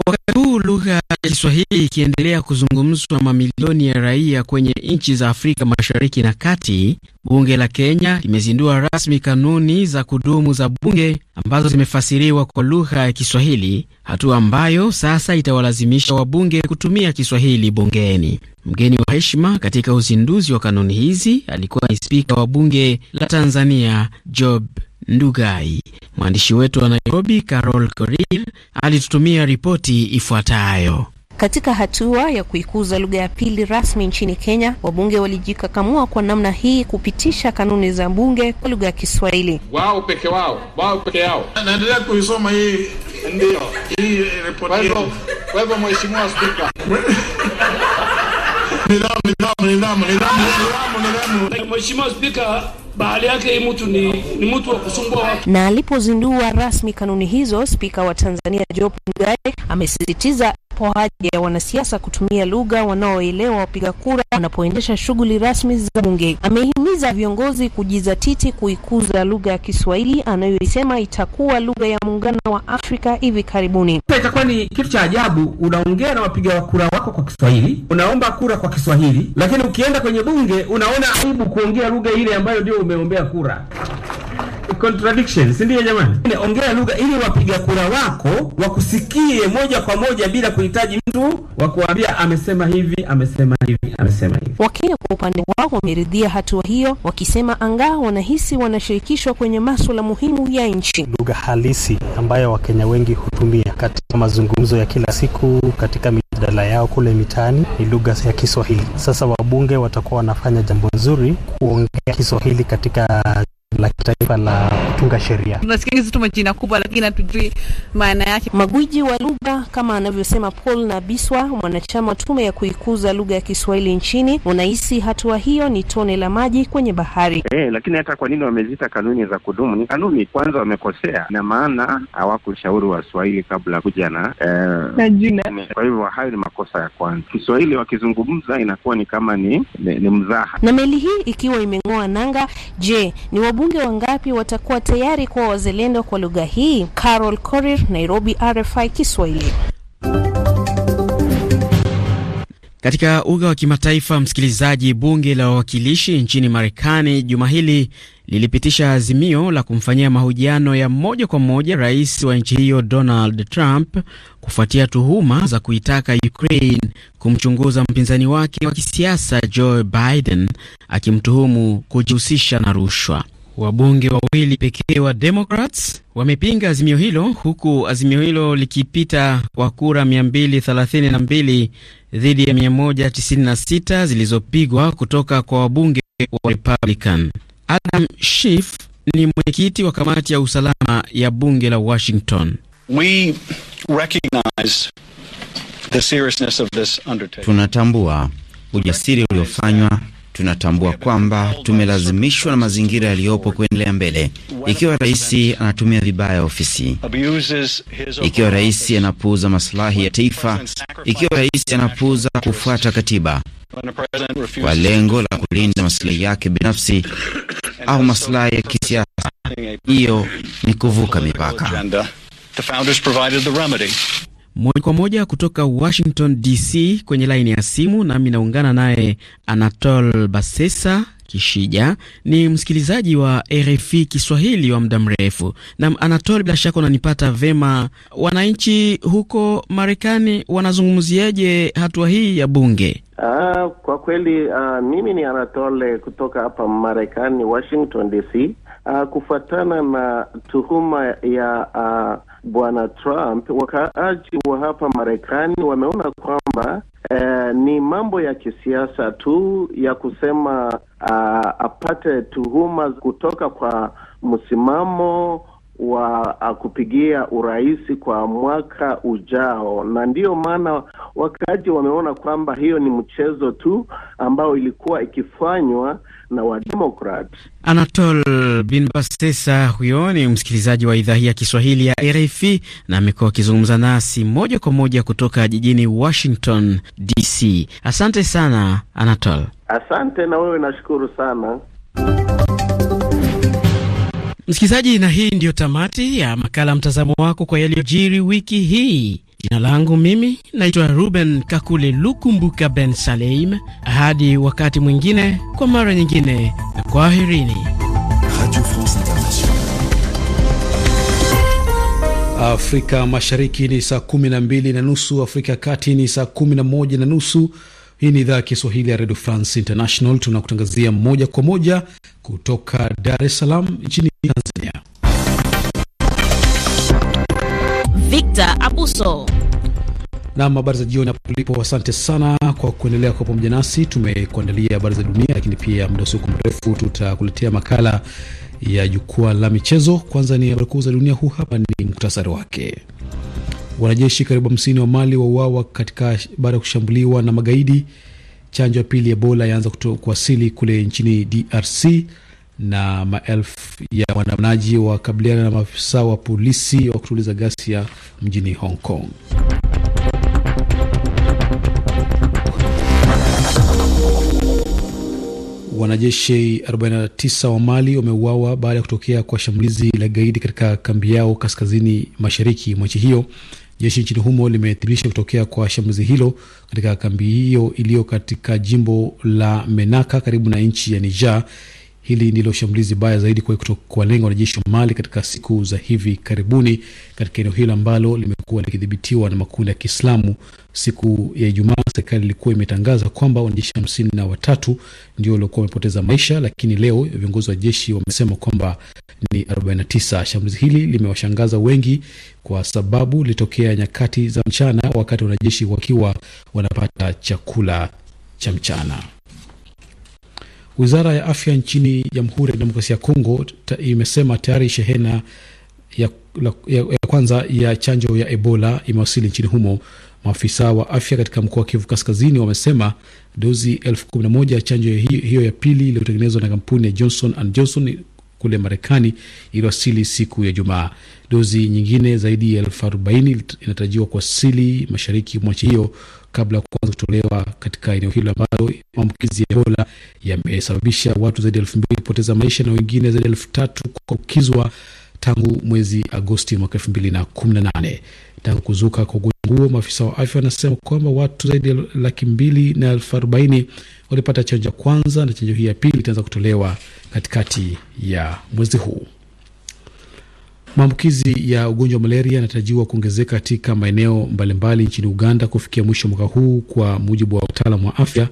Wakati huu lugha ya Kiswahili ikiendelea kuzungumzwa mamilioni ya raia kwenye nchi za Afrika Mashariki na Kati, bunge la Kenya limezindua rasmi kanuni za kudumu za bunge ambazo zimefasiriwa kwa lugha ya Kiswahili, hatua ambayo sasa itawalazimisha wabunge kutumia Kiswahili bungeni. Mgeni wa heshima katika uzinduzi wa kanuni hizi alikuwa ni spika wa bunge la Tanzania Job Ndugai. Mwandishi wetu wa Nairobi, Carol Korir, alitutumia ripoti ifuatayo. Katika hatua ya kuikuza lugha ya pili rasmi nchini Kenya, wabunge walijikakamua kwa namna hii kupitisha kanuni za bunge kwa lugha ya Kiswahili. Wao peke wao, wao peke yao. Naendelea kuisoma hii, ndio hii ripoti. Kwa hivyo, mheshimiwa Spika, nidhamu, Mheshimiwa Spika bahali yake hii mtu ni, ni mtu wa kusumbua watu. Na alipozindua rasmi kanuni hizo, spika wa Tanzania Job Ndugai amesisitiza Iwapo haja ya wanasiasa kutumia lugha wanaoelewa wapiga kura wanapoendesha shughuli rasmi za Bunge. Amehimiza viongozi kujizatiti kuikuza lugha ya Kiswahili anayoisema itakuwa lugha ya muungano wa Afrika hivi karibuni. Itakuwa ni kitu cha ajabu, unaongea na wapiga kura wako kwa Kiswahili, unaomba kura kwa Kiswahili, lakini ukienda kwenye bunge unaona aibu kuongea lugha ile ambayo ndio umeombea kura contradiction, si ndio jamani? Ongea lugha ili wapiga kura wako wakusikie moja kwa moja bila kuhitaji mtu wa kuambia amesema hivi, amesema hivi, amesema hivi. Wakenya kwa upande wao wameridhia hatua wa hiyo, wakisema angaa wanahisi wanashirikishwa kwenye masuala muhimu ya nchi. Lugha halisi ambayo Wakenya wengi hutumia katika mazungumzo ya kila siku, katika mijadala yao kule mitaani ni lugha ya Kiswahili. Sasa wabunge watakuwa wanafanya jambo nzuri kuongea Kiswahili katika la kitaifa la kutunga sheria. Tunasikia hizi tu majina kubwa, lakini hatujui maana yake. Magwiji wa lugha kama anavyosema Paul na Biswa, mwanachama wa tume ya kuikuza lugha ya Kiswahili nchini, unahisi hatua hiyo ni tone la maji kwenye bahari. Eh, lakini hata kwa nini wamezita kanuni za kudumu? Ni kanuni kwanza, wamekosea na maana hawakushauri Waswahili kabla kuja na eh, jina. Kwa hivyo hayo ni makosa ya kwanza. Kiswahili wakizungumza inakuwa ni kama ni, ni, ni mzaha. Na meli hii ikiwa imeng'oa nanga, je, ni wabu Wabunge wangapi watakuwa tayari kwa wazalendo kwa lugha hii? Carol Korir, Nairobi, RFI Kiswahili. Katika uga wa kimataifa, msikilizaji, bunge la wawakilishi nchini Marekani juma hili lilipitisha azimio la kumfanyia mahojiano ya moja kwa moja rais wa nchi hiyo Donald Trump kufuatia tuhuma za kuitaka Ukraine kumchunguza mpinzani wake wa kisiasa Joe Biden akimtuhumu kujihusisha na rushwa. Wabunge wawili pekee wa Democrats wamepinga azimio hilo huku azimio hilo likipita kwa kura 232 dhidi ya 196 zilizopigwa kutoka kwa wabunge wa Republican. Adam Schiff ni mwenyekiti wa kamati ya usalama ya bunge la Washington. We recognize the seriousness of this undertaking. Tunatambua ujasiri uliofanywa Tunatambua kwamba tumelazimishwa na mazingira yaliyopo kuendelea mbele. Ikiwa rais anatumia vibaya ofisi, ikiwa rais anapuuza masilahi ya taifa, ikiwa rais anapuuza kufuata katiba kwa lengo la kulinda masilahi yake binafsi au masilahi ya kisiasa, hiyo ni kuvuka mipaka moja kwa moja kutoka Washington DC kwenye laini ya simu, nami naungana naye Anatol Basesa Kishija ni msikilizaji wa RFI Kiswahili wa muda mrefu. nam anatol bila shaka unanipata vema. Wananchi huko Marekani wanazungumziaje hatua hii ya bunge? Aa, ah, kwa kweli uh, mimi ni Anatole eh, kutoka hapa Marekani, Washington DC. Ah, kufuatana na tuhuma ya uh, bwana Trump, wakaaji wa hapa Marekani wameona kwamba eh, ni mambo ya kisiasa tu ya kusema uh, apate tuhuma kutoka kwa msimamo wa ah, kupigia urais kwa mwaka ujao, na ndiyo maana wakaaji wameona kwamba hiyo ni mchezo tu ambao ilikuwa ikifanywa na Wademokrat. Anatol Bin Basesa huyo ni msikilizaji wa idhaa hii ya Kiswahili ya RFI na amekuwa akizungumza nasi moja kwa moja kutoka jijini Washington DC. Asante sana Anatol. Asante na wewe, nashukuru sana msikilizaji, na hii ndiyo tamati ya makala mtazamo wako kwa yaliyojiri wiki hii. Jina langu mimi naitwa Ruben Kakule Lukumbuka Ben Saleim. Hadi wakati mwingine, kwa mara nyingine, na kwaherini. Radio France Afrika Mashariki ni saa kumi na mbili na nusu, Afrika ya Kati ni saa kumi na moja na nusu. Hii ni idhaa ya Kiswahili ya Radio France International, tunakutangazia moja kwa moja kutoka Dar es Salaam nchini Uso. Nam, habari za jioni hapo tulipo. Asante sana kwa kuendelea kuwa pamoja nasi. Tumekuandalia habari za dunia, lakini pia muda usiku mrefu tutakuletea makala ya jukwaa la michezo. Kwanza ni habari kuu za dunia, huu hapa ni muktasari wake. Wanajeshi karibu hamsini wa Mali wauawa katika baada ya kushambuliwa na magaidi. Chanjo ya pili ya Ebola yaanza kuwasili kule nchini DRC na maelfu ya waandamanaji wakabiliana na maafisa wa polisi wa kutuliza ghasia mjini Hong Kong. Wanajeshi 49 wa Mali wameuawa baada ya kutokea kwa shambulizi la gaidi katika kambi yao kaskazini mashariki mwa nchi hiyo. Jeshi nchini humo limethibitisha kutokea kwa shambulizi hilo katika kambi hiyo iliyo katika jimbo la Menaka karibu na nchi ya Niger Hili ndilo shambulizi baya zaidi kwa kuwalenga wanajeshi wa Mali katika siku za hivi karibuni katika eneo hilo ambalo limekuwa likidhibitiwa na makundi ya Kiislamu. Siku ya Ijumaa, serikali ilikuwa imetangaza kwamba wanajeshi hamsini na watatu ndio waliokuwa wamepoteza maisha, lakini leo viongozi wa jeshi wamesema kwamba ni 49. Shambulizi hili limewashangaza wengi kwa sababu lilitokea nyakati za mchana, wakati wanajeshi wakiwa wanapata chakula cha mchana. Wizara ya afya nchini Jamhuri ya Kidemokrasia ya Kongo ta, imesema tayari shehena ya, ya, ya kwanza ya chanjo ya Ebola imewasili nchini humo. Maafisa wa afya katika mkoa wa Kivu Kaskazini wamesema dozi elfu kumi na moja ya chanjo hiyo, hiyo ya pili iliyotengenezwa na kampuni ya Johnson and Johnson kule Marekani iliwasili siku ya Jumaa. Dozi nyingine zaidi ya elfu arobaini inatarajiwa kuwasili mashariki mwa nchi hiyo kabla ya kuanza kutolewa katika eneo hilo ambalo maambukizi ya Ebola yamesababisha watu zaidi ya elfu mbili kupoteza maisha na wengine zaidi ya elfu tatu kuambukizwa tangu mwezi Agosti mwaka elfu mbili na kumi na nane. Tangu kuzuka kwa ugonjwa huo, maafisa wa afya wanasema kwamba watu zaidi ya laki mbili na elfu arobaini walipata chanjo ya kwanza na chanjo hii ya pili itaanza kutolewa katikati ya mwezi huu. Maambukizi ya ugonjwa wa malaria yanatarajiwa kuongezeka katika maeneo mbalimbali nchini Uganda kufikia mwisho mwaka huu, kwa mujibu wa wataalam wa afya.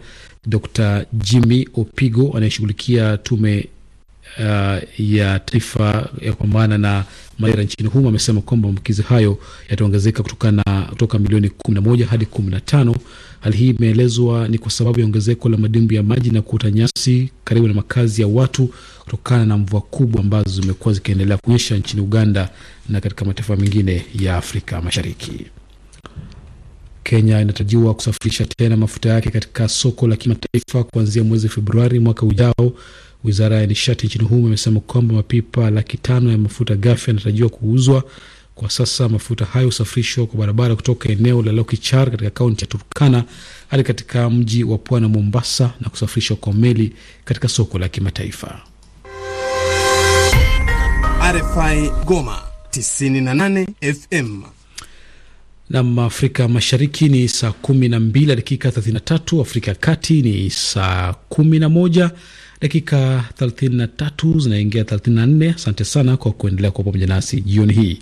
Dr Jimmy Opigo anayeshughulikia tume uh, ya taifa ya kupambana na malaria nchini humo, amesema kwamba maambukizi hayo yataongezeka kutoka milioni 11 hadi 15. Hali hii imeelezwa ni kwa sababu ya ongezeko la madimbu ya maji na kuota nyasi karibu na makazi ya watu kutokana na mvua kubwa ambazo zimekuwa zikiendelea kunyesha nchini Uganda na katika mataifa mengine ya Afrika Mashariki. Kenya inatarajiwa kusafirisha tena mafuta yake katika soko la kimataifa kuanzia mwezi Februari mwaka ujao Wizara ya nishati nchini humo imesema kwamba mapipa laki tano ya mafuta gafi yanatarajiwa kuuzwa. Kwa sasa mafuta hayo husafirishwa kwa barabara kutoka eneo la Lokichar katika kaunti ya Turkana hadi katika mji wa pwani wa Mombasa na kusafirishwa kwa meli katika soko la kimataifa. RFI Goma 98 FM nam Afrika Mashariki ni saa 12 dakika 33, Afrika ya Kati ni saa 11 dakika 33 zinaingia 34. Asante sana kwa kuendelea kwa pamoja nasi jioni hii.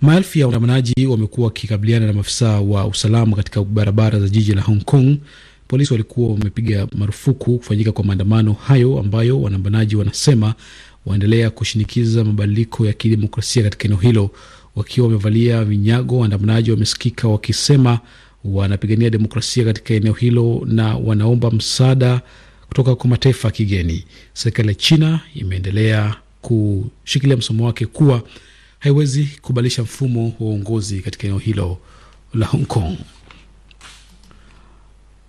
Maelfu ya waandamanaji wamekuwa wakikabiliana na maafisa wa usalama katika barabara za jiji la Hong Kong. Polisi walikuwa wamepiga marufuku kufanyika kwa maandamano hayo ambayo waandamanaji wanasema waendelea kushinikiza mabadiliko ya kidemokrasia katika eneo hilo. Wakiwa wamevalia vinyago, waandamanaji wamesikika wakisema wanapigania demokrasia katika eneo hilo na wanaomba msaada kutoka kwa mataifa ya kigeni. Serikali ya China imeendelea kushikilia msomo wake kuwa haiwezi kubadilisha mfumo wa uongozi katika eneo hilo la Hong Kong.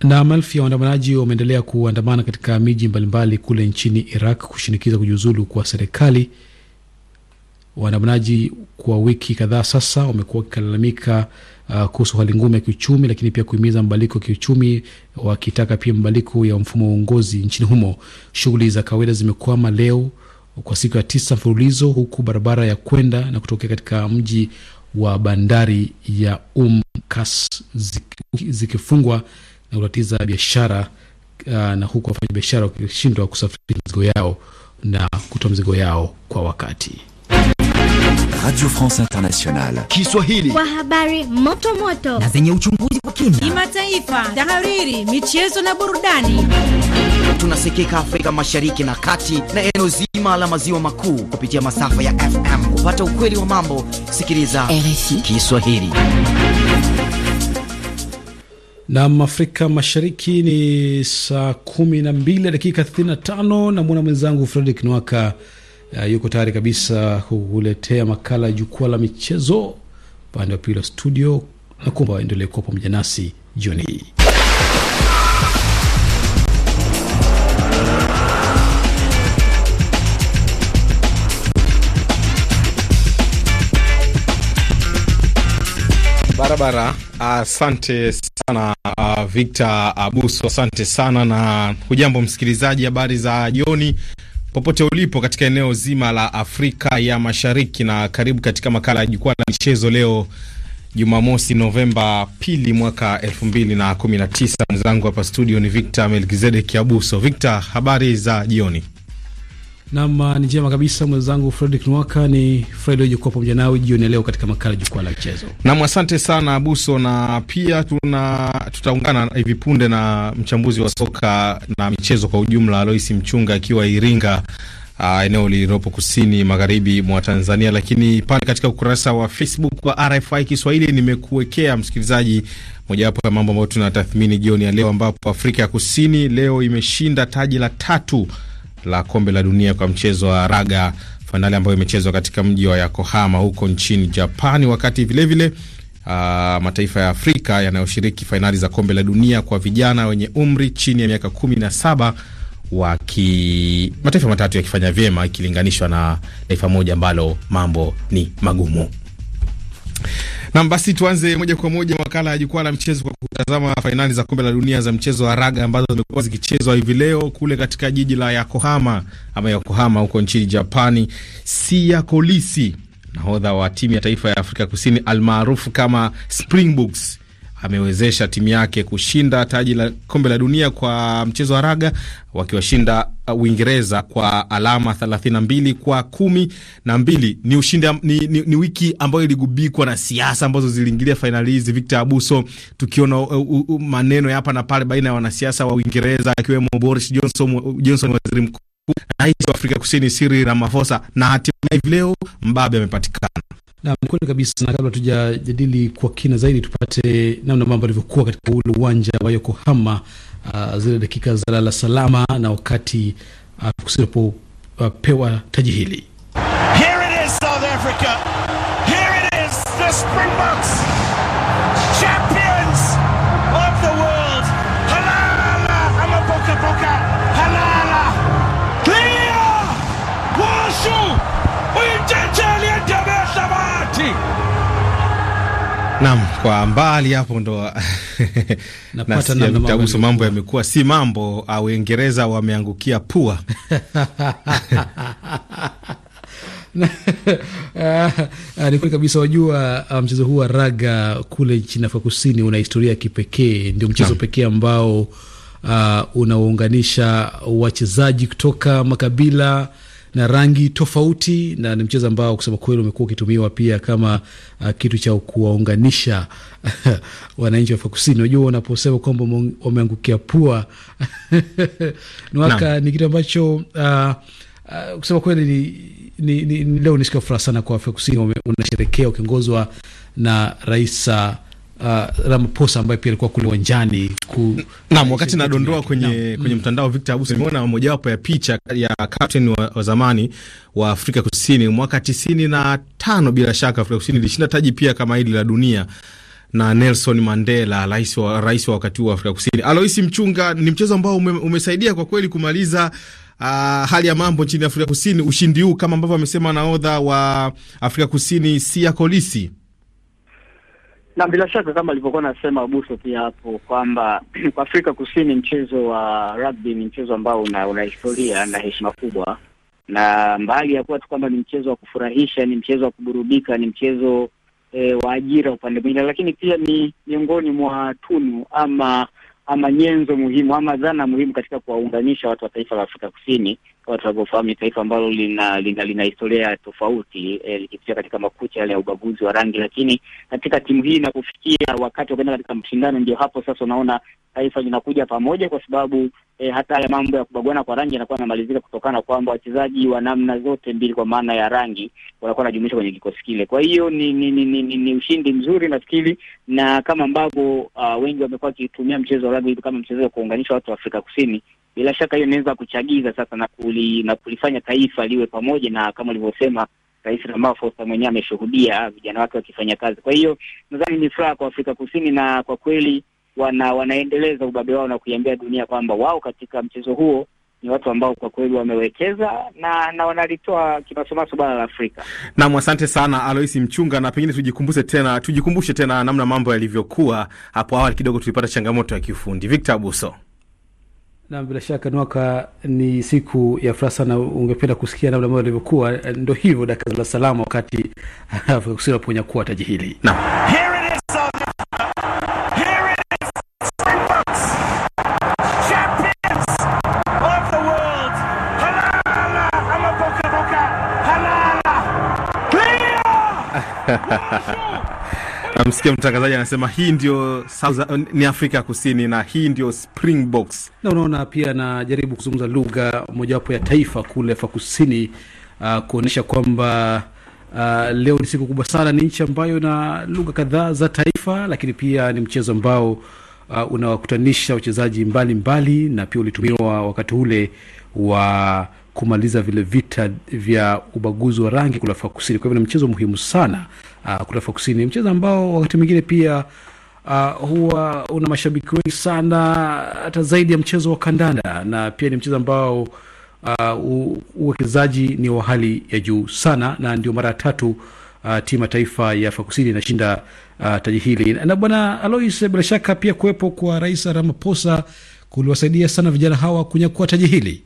Na maelfu ya waandamanaji wameendelea kuandamana katika miji mbalimbali kule nchini Iraq kushinikiza kujiuzulu kwa serikali. Waandamanaji kwa wiki kadhaa sasa wamekuwa wakilalamika uh, kuhusu hali ngumu ya kiuchumi, lakini pia kuhimiza mabadiliko ya kiuchumi, wakitaka pia mabadiliko ya mfumo wa uongozi nchini humo. Shughuli za kawaida zimekwama leo kwa siku ya tisa mfululizo, huku barabara ya kwenda na kutokea katika mji wa bandari ya Umkas zikifungwa na kutatiza biashara uh, na huku wafanyabiashara wakishindwa kusafiri mizigo yao na kutoa mizigo yao kwa wakati. Radio France Internationale. Kiswahili. Kwa habari moto moto na zenye uchunguzi wa kina, kimataifa, tahariri, michezo na burudani. Tunasikika Afrika Mashariki na Kati na eneo zima la maziwa makuu kupitia masafa ya FM. Kupata ukweli wa mambo, sikiliza RFI Kiswahili. Nam Afrika Mashariki ni saa 12 dakika 35, na mwana mwenzangu Fredrick Nwaka uh, yuko tayari kabisa kukuletea makala ya jukwaa la michezo upande wa pili wa studio, na kumba waendelee kuwa pamoja nasi jioni hii. Barabara, asante sana uh, Victor Abuso, asante sana na hujambo msikilizaji, habari za jioni popote ulipo katika eneo zima la Afrika ya Mashariki, na karibu katika makala ya jukwaa la michezo leo Jumamosi Novemba pili mwaka elfu mbili na kumi na tisa. Mwenzangu hapa studio ni Victor Melkizedek Abuso. Victor, habari za jioni? Nam ah, ni njema kabisa mwenzangu Fredrick Nwaka ni Fred Ojokuwa pamoja nawe jioni leo katika makala Jukwaa la mchezo. Nam asante sana Abuso, na pia tuna tutaungana hivi punde na mchambuzi wa soka na michezo kwa ujumla Alois Mchunga akiwa Iringa, uh, eneo lililopo kusini magharibi mwa Tanzania. Lakini pale katika ukurasa wa Facebook wa RFI Kiswahili nimekuwekea msikilizaji mojawapo ya mambo ambayo tunatathmini jioni ya leo, ambapo Afrika ya Kusini leo imeshinda taji la tatu la kombe la dunia kwa mchezo wa raga, fainali ambayo imechezwa katika mji wa Yokohama huko nchini Japani, wakati vilevile vile, Uh, mataifa ya Afrika yanayoshiriki fainali za kombe la dunia kwa vijana wenye umri chini ya miaka kumi na saba waki mataifa matatu yakifanya vyema ikilinganishwa na taifa moja ambalo mambo ni magumu. Nam, basi tuanze moja kwa moja makala ya jukwaa la mchezo kwa kutazama fainali za kombe la dunia za mchezo wa raga ambazo zimekuwa zikichezwa hivi leo kule katika jiji la Yokohama ama Yokohama huko nchini Japani. Siya Kolisi, nahodha wa timu ya taifa ya Afrika Kusini almaarufu kama Springboks, amewezesha timu yake kushinda taji la kombe la dunia kwa mchezo wa raga wakiwashinda Uh, Uingereza kwa alama 32 kwa kumi na mbili. Ni ushindi ni, ni, ni wiki ambayo iligubikwa na siasa ambazo ziliingilia fainali hizi, Victor Abuso, tukiona uh, uh, uh, maneno ya hapa na pale baina ya wanasiasa wa Uingereza akiwemo Boris Johnson, Johnson waziri mkuu, rais wa Afrika Kusini Cyril Ramaphosa, na hatimaye hivi leo mbabe amepatikana. Naam, ni kweli kabisa. Na kabla tujajadili kwa kina zaidi, tupate namna mambo alivyokuwa katika ule uwanja wa Yokohama uh, zile dakika za lala salama na wakati uh, ah, kusipopewa ah, uh, taji hili. Here it is South Africa. Here it is the Springboks. Naam, kwa mbali hapo ndo Ntabuso, mambo yamekuwa si mambo. Uingereza wameangukia pua ni kweli kabisa. Wajua, mchezo huu wa raga kule nchini Afrika Kusini una historia ya kipekee. Ndio mchezo pekee ambao uh, unaounganisha wachezaji kutoka makabila na rangi tofauti, na ni mchezo ambao kusema kweli umekuwa ukitumiwa pia kama uh, kitu cha kuwaunganisha wananchi wa Afrika Kusini. Unajua, wanaposema kwamba wameangukia pua nwaka ni kitu ambacho uh, uh, kusema kweli ni ni, ni, ni leo nisikia furaha sana kwa Afrika Kusini, unasherekea ukiongozwa na Rais uh, Ramaphosa ambaye pia alikuwa kule uwanjani ku... Naam, wakati nadondoa kwenye, na, kwenye, mtandao mm. mtandao Victor Abuso, nimeona mojawapo ya picha ya captain wa, wa zamani wa Afrika Kusini mwaka tisini na tano. Bila shaka Afrika Kusini ilishinda taji pia kama hili la dunia na Nelson Mandela, rais wa, rais wa wakati huo wa Afrika Kusini. Aloisi Mchunga, ni mchezo ambao ume, umesaidia kwa kweli kumaliza Uh, hali ya mambo nchini Afrika Kusini, ushindi huu kama ambavyo amesema nahodha wa Afrika Kusini Siya Kolisi. Na bila shaka kama alivyokuwa nasema Abuso pia hapo kwamba kwa Afrika Kusini mchezo wa rugby ni mchezo ambao una, una historia na heshima kubwa, na mbali ya kuwa tu kwamba ni mchezo wa kufurahisha, ni mchezo wa kuburudika, ni mchezo e, wa ajira upande mwingine, lakini pia ni miongoni mwa tunu ama ama nyenzo muhimu ama dhana muhimu katika kuwaunganisha watu wa taifa la Afrika Kusini kwa tunavyofahamu ni taifa ambalo lina lina, lina historia tofauti eh, likipitia katika makucha yale ya ubaguzi wa rangi, lakini katika timu hii kufikia wakati wakaenda katika mshindano, ndio hapo sasa unaona taifa linakuja pamoja, kwa sababu eh, hata haya mambo ya kubagwana kwa rangi yanakuwa yanamalizika kutokana kwamba wachezaji wa namna zote mbili, kwa maana ya rangi, wanakuwa wanajumuishwa kwenye kikosi kile. Kwa hiyo ni ni, ni, ni, ni ushindi mzuri nafikiri, na kama ambavyo uh, wengi wamekuwa wakitumia mchezo wa rugby kama mchezo wa kuunganisha watu wa Afrika Kusini bila shaka hiyo inaweza kuchagiza sasa na, kuli, na kulifanya taifa liwe pamoja, na kama ulivyosema Rais Ramaphosa mwenyewe ameshuhudia vijana wake wakifanya kazi. Kwa hiyo nadhani ni furaha kwa Afrika Kusini, na kwa kweli wana, wanaendeleza ubabe wao na kuiambia dunia kwamba wao katika mchezo huo ni watu ambao kwa kweli wamewekeza na na wanalitoa kimasomaso bara la Afrika. Naam, asante sana Aloisi Mchunga, na pengine tujikumbushe tena tujikumbushe tena namna mambo yalivyokuwa hapo awali. Kidogo tulipata changamoto ya kiufundi. Victor Abuso. Na bila shaka nwaka ni siku ya furaha sana. Ungependa kusikia namna ambavyo ilivyokuwa? Ndo hivyo dakika za salama, wakati Afrika Kusini wanaponyakua taji hili. Naam. Namsikia mtangazaji anasema hii ndio ni Afrika Kusini na hii ndio Springboks, na unaona pia anajaribu kuzungumza lugha mojawapo ya taifa kule Afrika Kusini, uh, kuonyesha kwamba uh, leo ni siku kubwa sana. Ni nchi ambayo ina lugha kadhaa za taifa, lakini pia ni mchezo ambao uh, unawakutanisha wachezaji mbalimbali na pia ulitumiwa wakati ule wa kumaliza vile vita vya ubaguzi wa rangi kule Afrika Kusini. Kwa hivyo ni mchezo muhimu sana uh, kutoka kusini, mchezo ambao wakati mwingine pia uh, huwa una mashabiki wengi sana, hata zaidi ya mchezo wa kandanda, na pia ni mchezo ambao uh, uwekezaji ni wa hali ya juu sana, na ndio mara ya tatu Uh, timu ya taifa ya Afrika Kusini inashinda uh, taji hili. Na bwana Alois, bila shaka pia kuwepo kwa Rais Ramaphosa kuliwasaidia sana vijana hawa kunyakua taji hili.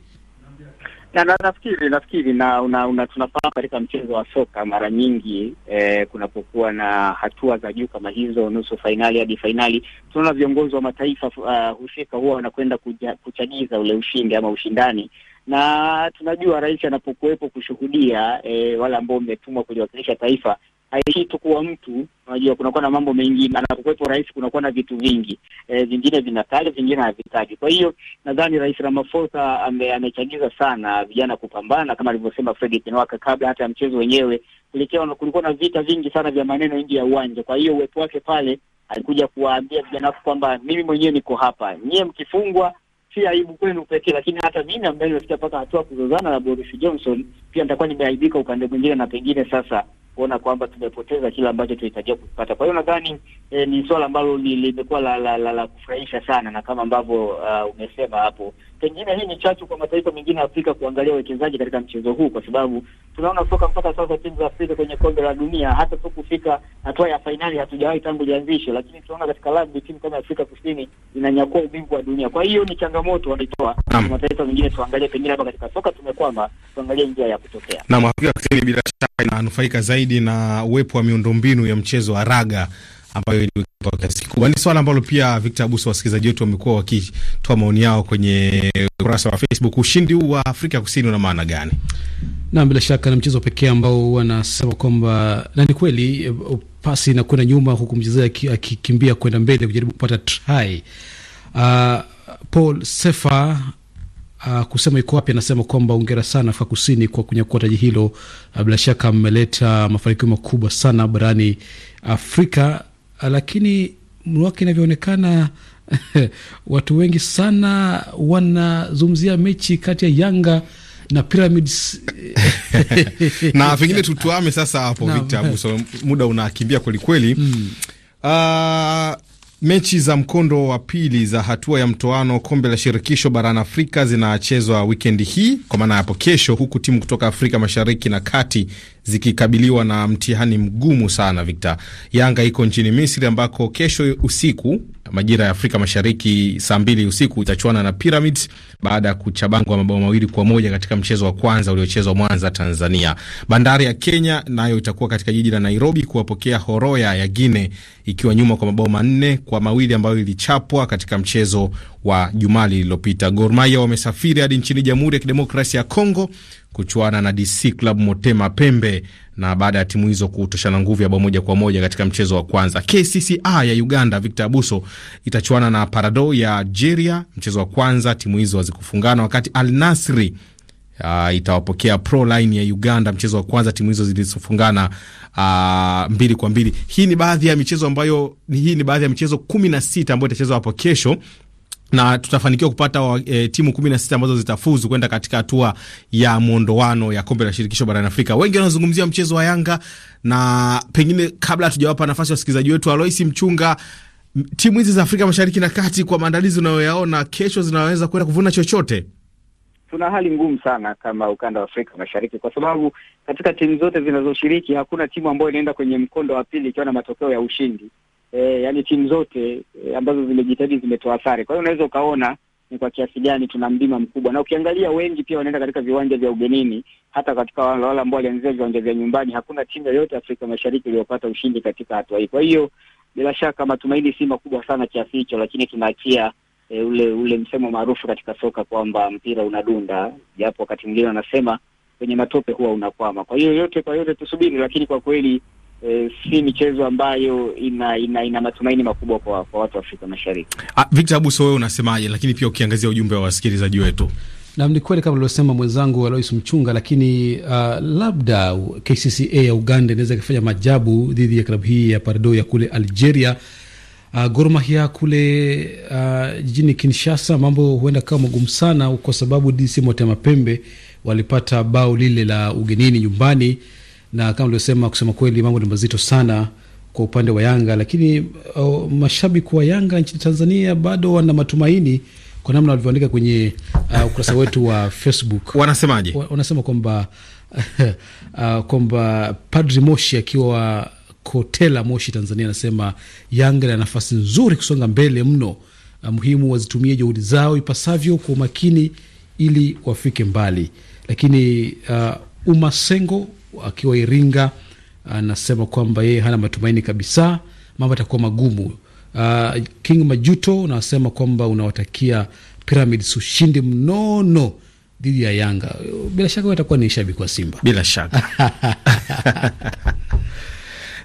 Na nafikiri nafikiri na una, una tunafahamu katika mchezo wa soka mara nyingi eh, kunapokuwa na hatua za juu kama hizo, nusu fainali hadi fainali, tunaona viongozi wa mataifa uh, husika huwa wanakwenda kuchagiza ule ushindi ama ushindani, na tunajua rais anapokuwepo kushuhudia eh, wale ambao mmetumwa kuliwakilisha taifa haishi tu kuwa mtu. Unajua, kunakuwa na mambo mengi, anapokuwepo rais kunakuwa na vitu vingi e, vingine vinataja, vingine havitaji. Kwa hiyo nadhani Rais Ramaphosa amechagiza sana vijana kupambana, kama alivyosema Fredi Tenwaka kabla hata ya mchezo wenyewe kulikuwa, kulikuwa na vita vingi sana vya maneno nje ya uwanja. Kwa hiyo uwepo wake pale, alikuja kuwaambia vijana wake kwamba mimi mwenyewe niko hapa, nyie mkifungwa si aibu kwenu pekee, lakini hata mimi ambaye nimefika mpaka hatua kuzozana na Boris Johnson pia nitakuwa nimeaibika upande mwingine, na pengine sasa kuona kwamba tumepoteza kile ambacho tunahitajia kukipata Kwa hiyo nadhani e, ni swala ambalo limekuwa la, la, la, la kufurahisha sana na kama ambavyo uh, umesema hapo pengine hii ni chachu kwa mataifa mengine ya Afrika kuangalia uwekezaji katika mchezo huu, kwa sababu tunaona soka mpaka sasa timu za Afrika kwenye kombe la dunia hata tu kufika hatua ya fainali hatujawahi tangu lianzishwe, lakini tunaona katika rugby timu kama Afrika Kusini inanyakua ubingwa wa dunia. Kwa hiyo ni changamoto wanaitoa mataifa mengine, tuangalie pengine hapa katika soka tumekwama, tuangalie njia ya kutokea. Na Afrika bila shaka inanufaika zaidi na uwepo wa miundombinu ya mchezo wa raga ambayo iliwekwa kwa kiasi kikubwa. Ni swala ambalo pia Victor Abuso, wasikilizaji wetu wamekuwa wakitoa maoni yao kwenye ukurasa wa Facebook. Ushindi huu wa Afrika Kusini una maana gani? Na bila shaka na mchezo pekee ambao wanasema kwamba na ni kweli pasi inakwenda nyuma, huku mchezaji akikimbia kwenda mbele kujaribu kupata try. Uh, Paul Sefa Uh, kusema iko wapi, anasema kwamba ongera sana Afrika Kusini kwa kunyakua taji hilo. Uh, bila shaka mmeleta mafanikio makubwa sana barani Afrika. Ah, lakini mwake inavyoonekana watu wengi sana wanazungumzia mechi kati ya Yanga na Pyramids na pengine tutuame sasa hapo, Victor Abuso, muda unakimbia kwelikweli mm. uh, Mechi za mkondo wa pili za hatua ya mtoano kombe la shirikisho barani Afrika zinachezwa wikendi hii kwa maana hapo kesho, huku timu kutoka Afrika mashariki na kati zikikabiliwa na mtihani mgumu sana. Victor, Yanga iko nchini Misri ambako kesho usiku majira ya Afrika Mashariki saa mbili usiku itachuana na Pyramids baada ya kuchabangwa mabao mawili kwa moja katika mchezo wa kwanza uliochezwa Mwanza, Tanzania. Bandari ya Kenya nayo na itakuwa katika jiji la Nairobi kuwapokea Horoya ya Guine ikiwa nyuma kwa mabao manne kwa mawili ambayo ilichapwa katika mchezo wa Jumaa lililopita. Gor Mahia wamesafiri hadi nchini Jamhuri ya Kidemokrasia ya Kongo kuchuana na DC Club Motema Pembe, na baada ya timu hizo kutoshana nguvu ya bao moja kwa moja katika mchezo wa kwanza. KCCA ya Uganda, Victor Abuso, itachuana na Parado ya Algeria. Mchezo wa kwanza timu hizo hazikufungana, wakati Al Nasri Uh, ah, itawapokea Pro Line ya Uganda. Mchezo wa kwanza timu hizo zilizofungana uh, mbili kwa mbili. Hii ni baadhi ya michezo ambayo hii ni baadhi ya michezo kumi na sita ambayo itachezwa hapo kesho na tutafanikiwa kupata wa, eh, e, timu 16 ambazo zitafuzu kwenda katika hatua ya muondoano ya kombe la shirikisho barani Afrika. Wengi wanazungumzia mchezo wa Yanga na pengine kabla hatujawapa nafasi wasikilizaji wetu, Aloisi Mchunga, timu hizi za Afrika Mashariki na Kati, kwa maandalizi unayoyaona, kesho zinaweza kwenda kuvuna chochote? Tuna hali ngumu sana kama ukanda wa Afrika Mashariki kwa sababu katika timu zote zinazoshiriki hakuna timu ambayo inaenda kwenye mkondo wa pili ikiwa na matokeo ya ushindi e, yani timu zote e, ambazo zimejitahidi zimetoa sare. Kwa hiyo unaweza ukaona ni kwa kiasi gani tuna mlima mkubwa, na ukiangalia wengi pia wanaenda katika viwanja vya ugenini. Hata katika wale ambao walianzia viwanja vya nyumbani, hakuna timu yoyote Afrika Mashariki iliyopata ushindi katika hatua hii. Kwa hiyo bila shaka matumaini si makubwa sana kiasi hicho, lakini tunaachia e, ule ule msemo maarufu katika soka kwamba mpira unadunda, japo wakati mwingine wanasema kwenye matope huwa unakwama. Kwa hiyo yote kwa yote tusubiri, lakini kwa kweli eh, si michezo ambayo ina, ina, ina matumaini makubwa kwa, kwa watu wa Afrika Mashariki. Ah, Victor Abuso, wewe unasemaje? Lakini pia ukiangazia ujumbe wa wasikilizaji wetu. Naam, ni kweli kama alivyosema mwenzangu Alois Mchunga, lakini uh, labda KCCA ya Uganda inaweza ikafanya majabu dhidi ya klabu hii ya Pardo ya kule Algeria. Uh, Gor Mahia kule uh, jijini Kinshasa, mambo huenda kawa magumu sana, kwa sababu DC Motema Pembe walipata bao lile la ugenini nyumbani na kama ulivyosema, kusema kweli mambo ni mazito sana kwa upande wa Yanga, lakini uh, mashabiki wa Yanga nchini Tanzania bado wana matumaini kwa namna walivyoandika kwenye uh, ukurasa wetu wa Facebook. Wanasemaje? wanasema kwamba uh, kwamba Padri Moshi akiwa Kotela Moshi, Tanzania, anasema Yanga ina nafasi nzuri kusonga mbele mno, uh, muhimu wazitumie juhudi zao ipasavyo kwa umakini ili wafike mbali. Lakini uh, Umasengo akiwa Iringa anasema kwamba yeye hana matumaini kabisa, mambo atakuwa magumu. Uh, King Majuto unasema kwamba unawatakia Pyramids ushindi mnono dhidi ya Yanga. Bila shaka atakuwa ni shabiki wa Simba, bila shaka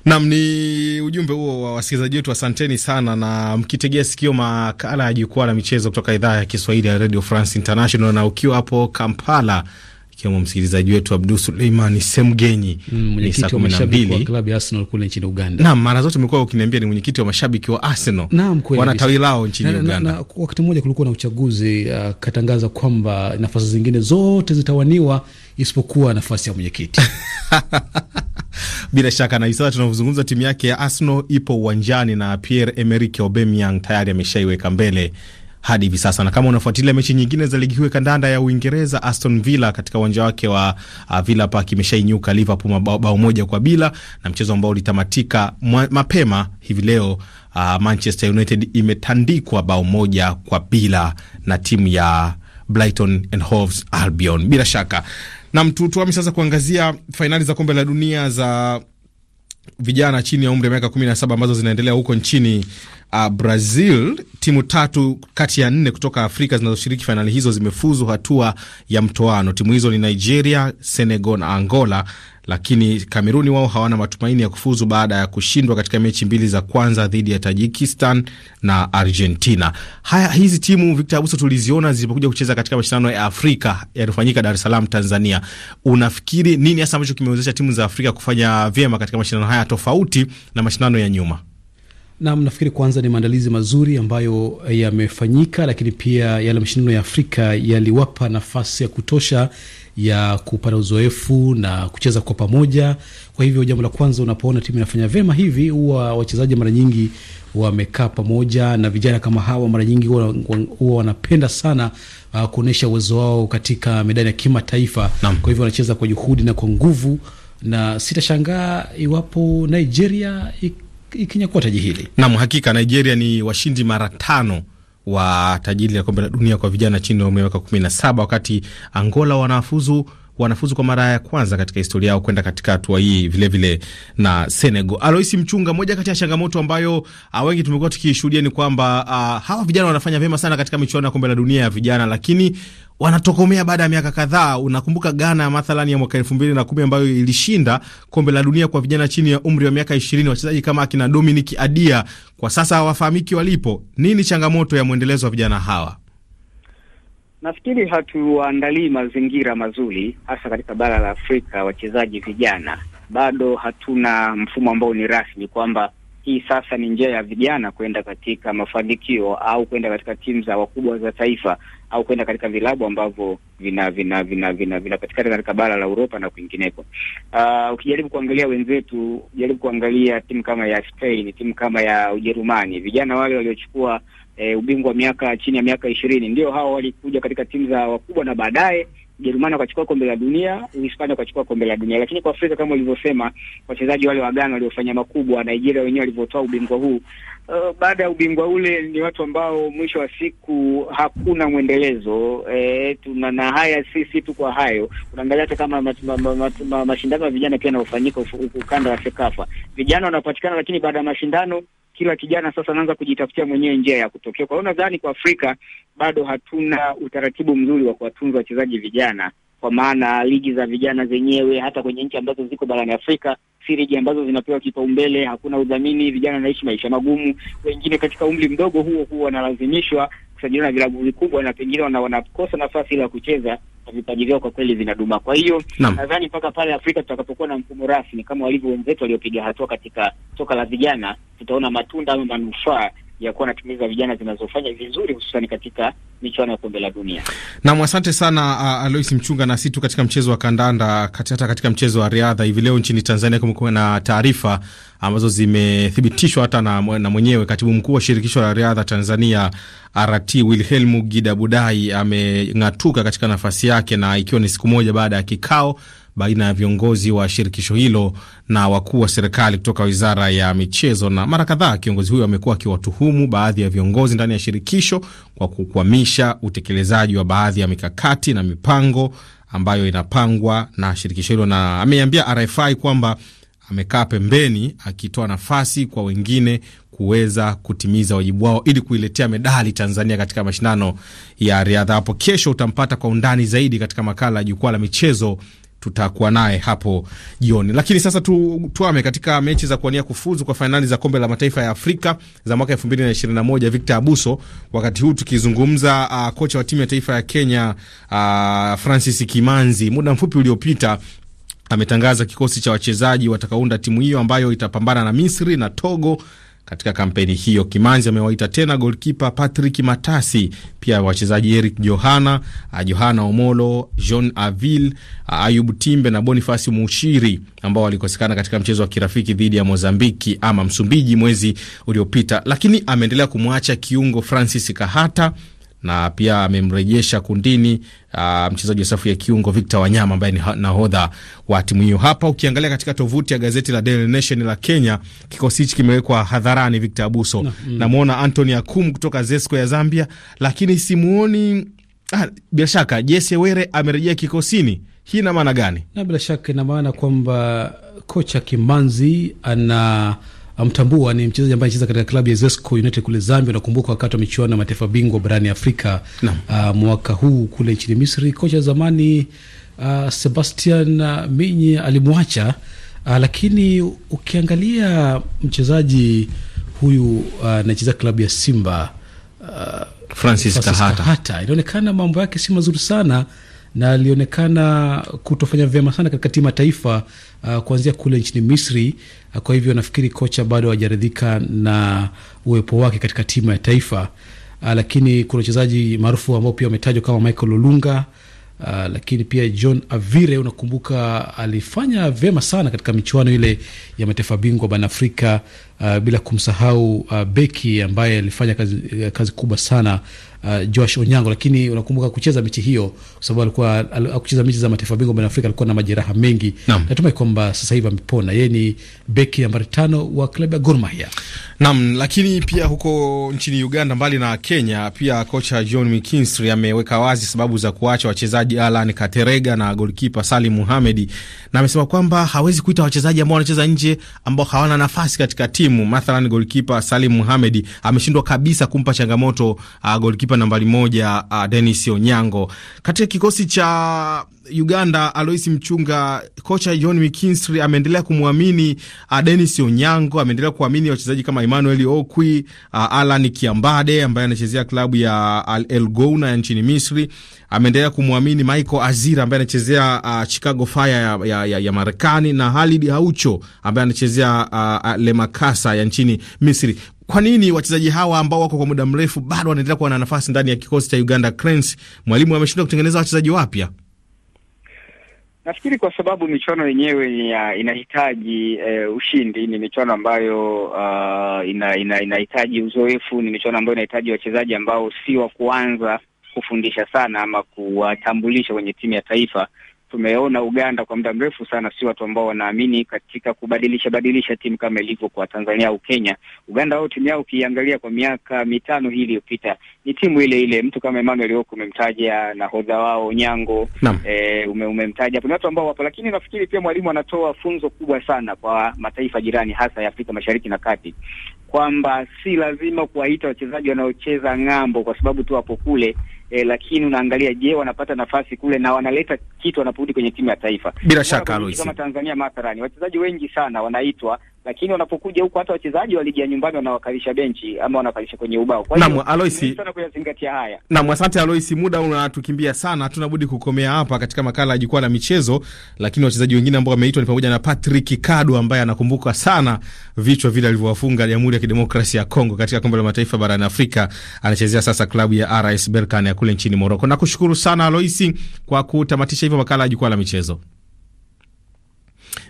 Nam, ni ujumbe huo wa wasikilizaji wetu, asanteni sana, na mkitegea sikio makala ya jukwaa la michezo kutoka idhaa ya Kiswahili ya Radio France International. Na ukiwa hapo Kampala ikiwemo msikilizaji wetu Abdu Suleiman Semgenyi mm, kule nchini Uganda. Naam, mara zote umekuwa ukiniambia ni mwenyekiti wa mashabiki wa Arsenal wana tawi lao nchini na, Uganda na, na, wakati mmoja kulikuwa na uchaguzi uh, katangaza kwamba nafasi zingine zote zitawaniwa isipokuwa nafasi ya mwenyekiti Bila shaka na hivi sasa tunavyozungumza timu yake ya Arsenal ipo uwanjani na Pierre Emerick Aubameyang tayari ameshaiweka mbele hadi hivi sasa. Na kama unafuatilia mechi nyingine za ligi kuu kandanda ya Uingereza, Aston Villa katika uwanja wake wa uh, Villa Park imeshainyuka Liverpool mabao moja kwa bila, na mchezo ambao ulitamatika mapema hivi leo uh, Manchester United imetandikwa bao moja kwa bila na timu ya Brighton and Hove Albion. Bila shaka na mtutuami sasa kuangazia fainali za kombe la dunia za vijana chini ya umri wa miaka 17 ambazo zinaendelea huko nchini uh, Brazil. Timu tatu kati ya nne kutoka Afrika zinazoshiriki fainali hizo zimefuzu hatua ya mtoano. Timu hizo ni Nigeria, Senegal na Angola, lakini Kameruni wao hawana matumaini ya kufuzu baada ya kushindwa katika mechi mbili za kwanza dhidi ya Tajikistan na Argentina. Haya, hizi timu Victor Abuso, tuliziona zilipokuja kucheza katika mashindano ya Afrika yaliyofanyika Dar es Salaam, Tanzania. Unafikiri nini hasa ambacho kimewezesha timu za Afrika kufanya vyema katika mashindano haya tofauti na mashindano ya nyuma? Nam, nafikiri kwanza ni maandalizi mazuri ambayo eh, yamefanyika, lakini pia yale mashindano ya Afrika yaliwapa nafasi ya kutosha ya kupata uzoefu na kucheza kwa pamoja. Kwa hivyo jambo la kwanza, unapoona timu inafanya vyema hivi, huwa wachezaji mara nyingi wamekaa pamoja, na vijana kama hawa mara nyingi huwa wanapenda sana uh, ah, kuonyesha uwezo wao katika medani ya kimataifa. Kwa hivyo wanacheza kwa juhudi na kwa nguvu, na sitashangaa iwapo Nigeria ik ikinyakua taji hili. nam hakika Nigeria ni washindi mara tano wa taji la kombe la dunia kwa vijana chini ya umri wa miaka kumi na saba wakati Angola wanafuzu wanafuzu kwa mara ya kwanza katika historia yao kwenda katika hatua hii vilevile vile na Senegal. Aloisi Mchunga, moja kati ya changamoto ambayo ah, wengi tumekuwa tukishuhudia ni kwamba uh, hawa vijana wanafanya vyema sana katika michuano ya kombe la dunia ya vijana, lakini wanatokomea baada ya miaka kadhaa. Unakumbuka Ghana mathalan ya mwaka elfu mbili na kumi ambayo ilishinda kombe la dunia kwa vijana chini ya umri wa miaka ishirini. Wachezaji kama akina Dominic Adia kwa sasa hawafahamiki walipo. Nini changamoto ya mwendelezo wa vijana hawa? Nafikiri hatuandalii mazingira mazuri, hasa katika bara la Afrika. Wachezaji vijana bado hatuna mfumo ambao ni rasmi kwamba hii sasa ni njia ya vijana kwenda katika mafanikio au kwenda katika timu za wakubwa za taifa au kwenda katika vilabu ambavyo vina vina vina vinapatikana vina, vina katika bara la Uropa na kwingineko. Uh, ukijaribu kuangalia wenzetu, ukijaribu kuangalia timu kama ya Spain, timu kama ya Ujerumani, vijana wale waliochukua e, ubingwa wa miaka chini ya miaka ishirini. Ndio hao walikuja katika timu za wakubwa, na baadaye Ujerumani wakachukua kombe la dunia, Uhispania wakachukua kombe la dunia. Lakini kwa Afrika kama ulivyosema, wachezaji wale wa Ghana waliofanya makubwa, Nigeria wenyewe walivyotoa ubingwa huu Uh, baada ya ubingwa ule ni watu ambao mwisho wa siku hakuna mwendelezo eh, tuna na haya si si tu kwa hayo. Unaangalia hata kama mashindano ya vijana pia yanayofanyika ukanda wa Sekafa, vijana wanapatikana, lakini baada ya mashindano kila kijana sasa anaanza kujitafutia mwenyewe njia ya kutokea. Kwa hiyo nadhani kwa Afrika bado hatuna utaratibu mzuri wa kuwatunza wachezaji vijana, kwa maana ligi za vijana zenyewe hata kwenye nchi ambazo ziko barani Afrika siriji ambazo zinapewa kipaumbele, hakuna udhamini, vijana wanaishi maisha magumu, wengine katika umri mdogo huo huo wanalazimishwa kusajiliwa na vilabu vikubwa, na pengine wanakosa nafasi ile ya kucheza vipaji vyao kwa kweli vinaduma. Kwa hiyo nadhani mpaka pale Afrika tutakapokuwa na mfumo rasmi kama walivyo wenzetu waliopiga hatua katika soka la vijana, tutaona matunda ama manufaa ya kuwa na timu za vijana zinazofanya vizuri hususani katika michuano ya kombe la dunia. Nam, asante sana uh, Alois Mchunga. Na si tu katika mchezo wa kandanda kati, hata katika mchezo wa riadha hivi leo nchini Tanzania kumekuwa na taarifa ambazo zimethibitishwa hata na, na mwenyewe katibu mkuu wa shirikisho la riadha Tanzania RT Wilhelmu gidabudai ameng'atuka katika nafasi yake, na ikiwa ni siku moja baada ya kikao baina ya viongozi wa shirikisho hilo na wakuu wa serikali kutoka wizara ya michezo. Na mara kadhaa kiongozi huyo amekuwa akiwatuhumu baadhi ya viongozi ndani ya shirikisho kwa kukwamisha utekelezaji wa baadhi ya mikakati na mipango ambayo inapangwa na shirikisho hilo, na ameiambia RFI kwamba amekaa pembeni akitoa nafasi kwa wengine kuweza kutimiza wajibu wao ili kuiletea medali Tanzania katika mashindano ya riadha. Hapo kesho utampata kwa undani zaidi katika makala ya jukwaa la michezo tutakuwa naye hapo jioni. Lakini sasa tu, tuame katika mechi za kuania kufuzu kwa fainali za kombe la mataifa ya Afrika za mwaka 2021 Victor Abuso, wakati huu tukizungumza, uh, kocha wa timu ya taifa ya Kenya uh, Francis Kimanzi muda mfupi uliopita ametangaza kikosi cha wachezaji watakaunda timu hiyo ambayo itapambana na Misri na Togo katika kampeni hiyo, Kimanzi amewaita tena golkipa Patrick Matasi, pia wachezaji Eric Johana, Johana Omolo, John Avil, Ayub Timbe na Bonifasi Mushiri ambao walikosekana katika mchezo wa kirafiki dhidi ya Mozambiki ama Msumbiji mwezi uliopita, lakini ameendelea kumwacha kiungo Francis Kahata na pia amemrejesha kundini uh, mchezaji wa safu ya kiungo Victor Wanyama ambaye ni nahodha wa timu hiyo. Hapa ukiangalia katika tovuti ya gazeti la Daily Nation la Kenya, kikosi hichi kimewekwa hadharani Victor Abuso no, mm. Namwona Anthony Akum kutoka Zesco ya Zambia, lakini simuoni ah, bila shaka Jesse Were amerejea kikosini. Hii ina maana gani? Na bila shaka ina maana kwamba kocha Kimanzi ana Mtambua ni mchezaji ambaye anacheza katika klabu ya Zesco United kule Zambia. Nakumbuka wakati wa michuano ya mataifa bingwa barani Afrika uh, mwaka huu kule nchini Misri, kocha zamani uh, Sebastian uh, Minyi alimwacha uh, lakini ukiangalia mchezaji huyu uh, anacheza uh, klabu ya Simba uh, Francis Kahata, inaonekana mambo yake si mazuri sana na alionekana kutofanya vyema sana katika timu ya taifa uh, kuanzia kule nchini Misri. Uh, kwa hivyo nafikiri kocha bado hajaridhika na uwepo wake katika timu ya taifa uh, lakini kuna wachezaji maarufu ambao pia wametajwa kama Michael Olunga uh, lakini pia John Avire, unakumbuka alifanya vyema sana katika michuano ile ya mataifa bingwa barani Afrika uh, bila kumsahau uh, beki ambaye alifanya kazi, kazi kubwa sana uh, Josh Onyango, lakini unakumbuka kucheza mechi hiyo kwa sababu alikuwa akucheza mechi za mataifa bingwa barani Afrika, alikuwa na majeraha mengi. Natumai kwamba sasa hivi amepona. Yeye ni beki nambari tano wa klabu ya Gor Mahia. Naam, lakini pia huko nchini Uganda, mbali na Kenya, pia kocha John McKinstry ameweka wazi sababu za kuacha wachezaji Alan Katerega na golkipa Salim Muhamedi, na amesema kwamba hawezi kuita wachezaji ambao wanacheza nje ambao hawana nafasi katika timu. Mathalan, golkipa Salim Muhamedi ameshindwa kabisa kumpa changamoto uh, ah, golkipa nambari moja uh, Denis Onyango katika kikosi cha Uganda Alois Mchunga, kocha John McKinstry ameendelea kumwamini uh, Denis Onyango, ameendelea kuamini wachezaji kama Emmanuel Okwi, uh, Alan Kiambade ambaye anachezea klabu ya Al uh, El Gouna ya nchini Misri, ameendelea kumwamini Michael Azir ambaye anachezea uh, Chicago Fire ya, ya, ya, ya Marekani na Halid Haucho ambaye anachezea uh, Lemakasa ya nchini Misri. Kwa nini wachezaji hawa ambao wako kwa muda mrefu bado wanaendelea kuwa na nafasi ndani ya kikosi cha Uganda Cranes? Mwalimu ameshindwa kutengeneza wachezaji wapya? Nafikiri kwa sababu michuano yenyewe inahitaji e, ushindi. Ni michuano ambayo uh, ina, ina, inahitaji uzoefu. Ni michuano ambayo inahitaji wachezaji ambao si wa kuanza kufundisha sana ama kuwatambulisha kwenye timu ya taifa tumeona Uganda kwa muda mrefu sana si watu ambao wanaamini katika kubadilisha badilisha timu kama ilivyo kwa Tanzania au Kenya. Uganda wao timu yao ukiangalia kwa miaka mitano hii iliyopita ni timu ile ile. Mtu kama Emmanuel Okwi umemtaja, nahodha wao nyango e, eh, ume, umemtaja kuna ni watu ambao wapo, lakini nafikiri pia mwalimu anatoa funzo kubwa sana kwa mataifa jirani, hasa ya Afrika Mashariki na Kati kwamba si lazima kuwaita wachezaji wanaocheza ng'ambo kwa sababu tu wapo kule e, lakini unaangalia, je, wanapata nafasi kule na wanaleta kitu wanaporudi kwenye timu ya taifa? Bila shaka Aloisi, kama Tanzania mathalani, wachezaji wengi sana wanaitwa lakini wanapokuja huko hata wachezaji wa ligi ya nyumbani wanawakalisha benchi ama wanawakalisha kwenye ubao. Kwa hiyo Aloisi, sana kuyazingatia haya. Naam, asante Aloisi, muda unatukimbia sana, hatuna budi kukomea hapa katika makala ya jukwaa la michezo, lakini wachezaji wengine ambao wameitwa ni pamoja na Patrick Kadu ambaye anakumbuka sana vichwa vile alivyowafunga Jamhuri ya Kidemokrasia ya Kongo katika kombe la mataifa barani Afrika. Anachezea sasa klabu ya RS Berkane ya kule nchini Morocco. Nakushukuru sana Aloisi kwa kutamatisha hivyo makala ya jukwaa la michezo.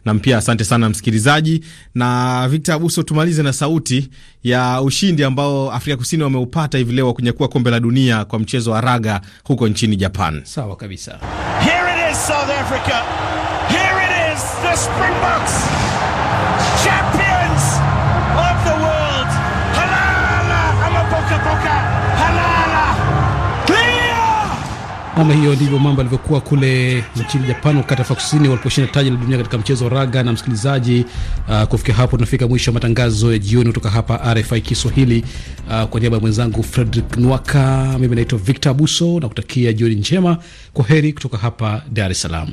Nam pia asante sana msikilizaji. Na Victor Abuso, tumalize na sauti ya ushindi ambao Afrika Kusini wameupata hivi leo wa kunyakua kombe la dunia kwa mchezo wa raga huko nchini Japan. Sawa kabisa. Here it is, South Africa. Here it is, the Springboks. Namna hiyo ndivyo mambo yalivyokuwa kule nchini Japan, wakati Afrika Kusini waliposhinda taji la dunia katika mchezo wa raga. Na msikilizaji, uh, kufikia hapo tunafika mwisho wa matangazo ya jioni kutoka hapa RFI Kiswahili. Uh, kwa niaba ya mwenzangu Fredrick Nwaka, mimi naitwa Victor Abuso na kutakia jioni njema. Kwa heri kutoka hapa Dar es Salaam.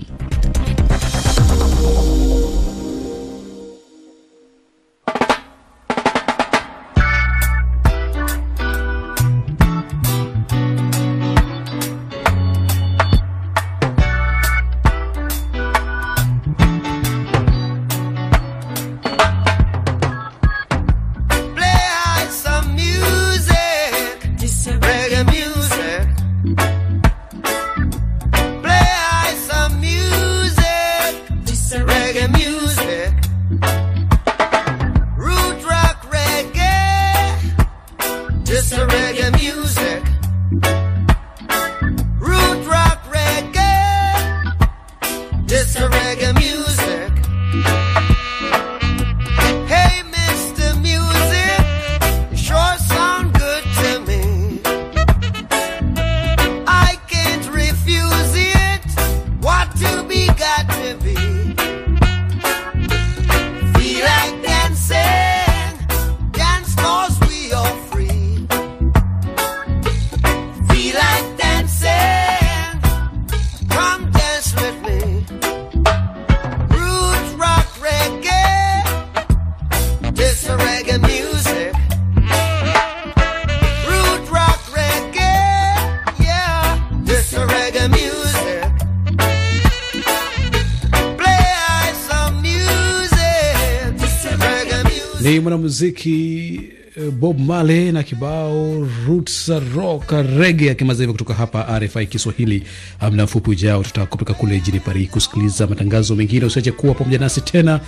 muziki eh, Bob Marley na kibao roots rock rege ya hivyo kutoka hapa RFI Kiswahili. Muda mfupi ujao tutakupeleka kule jini Paris kusikiliza matangazo mengine. Usiache kuwa pamoja nasi tena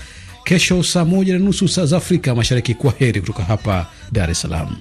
kesho saa moja na nusu saa za Afrika Mashariki. Kwa heri kutoka hapa Dar es Salaam.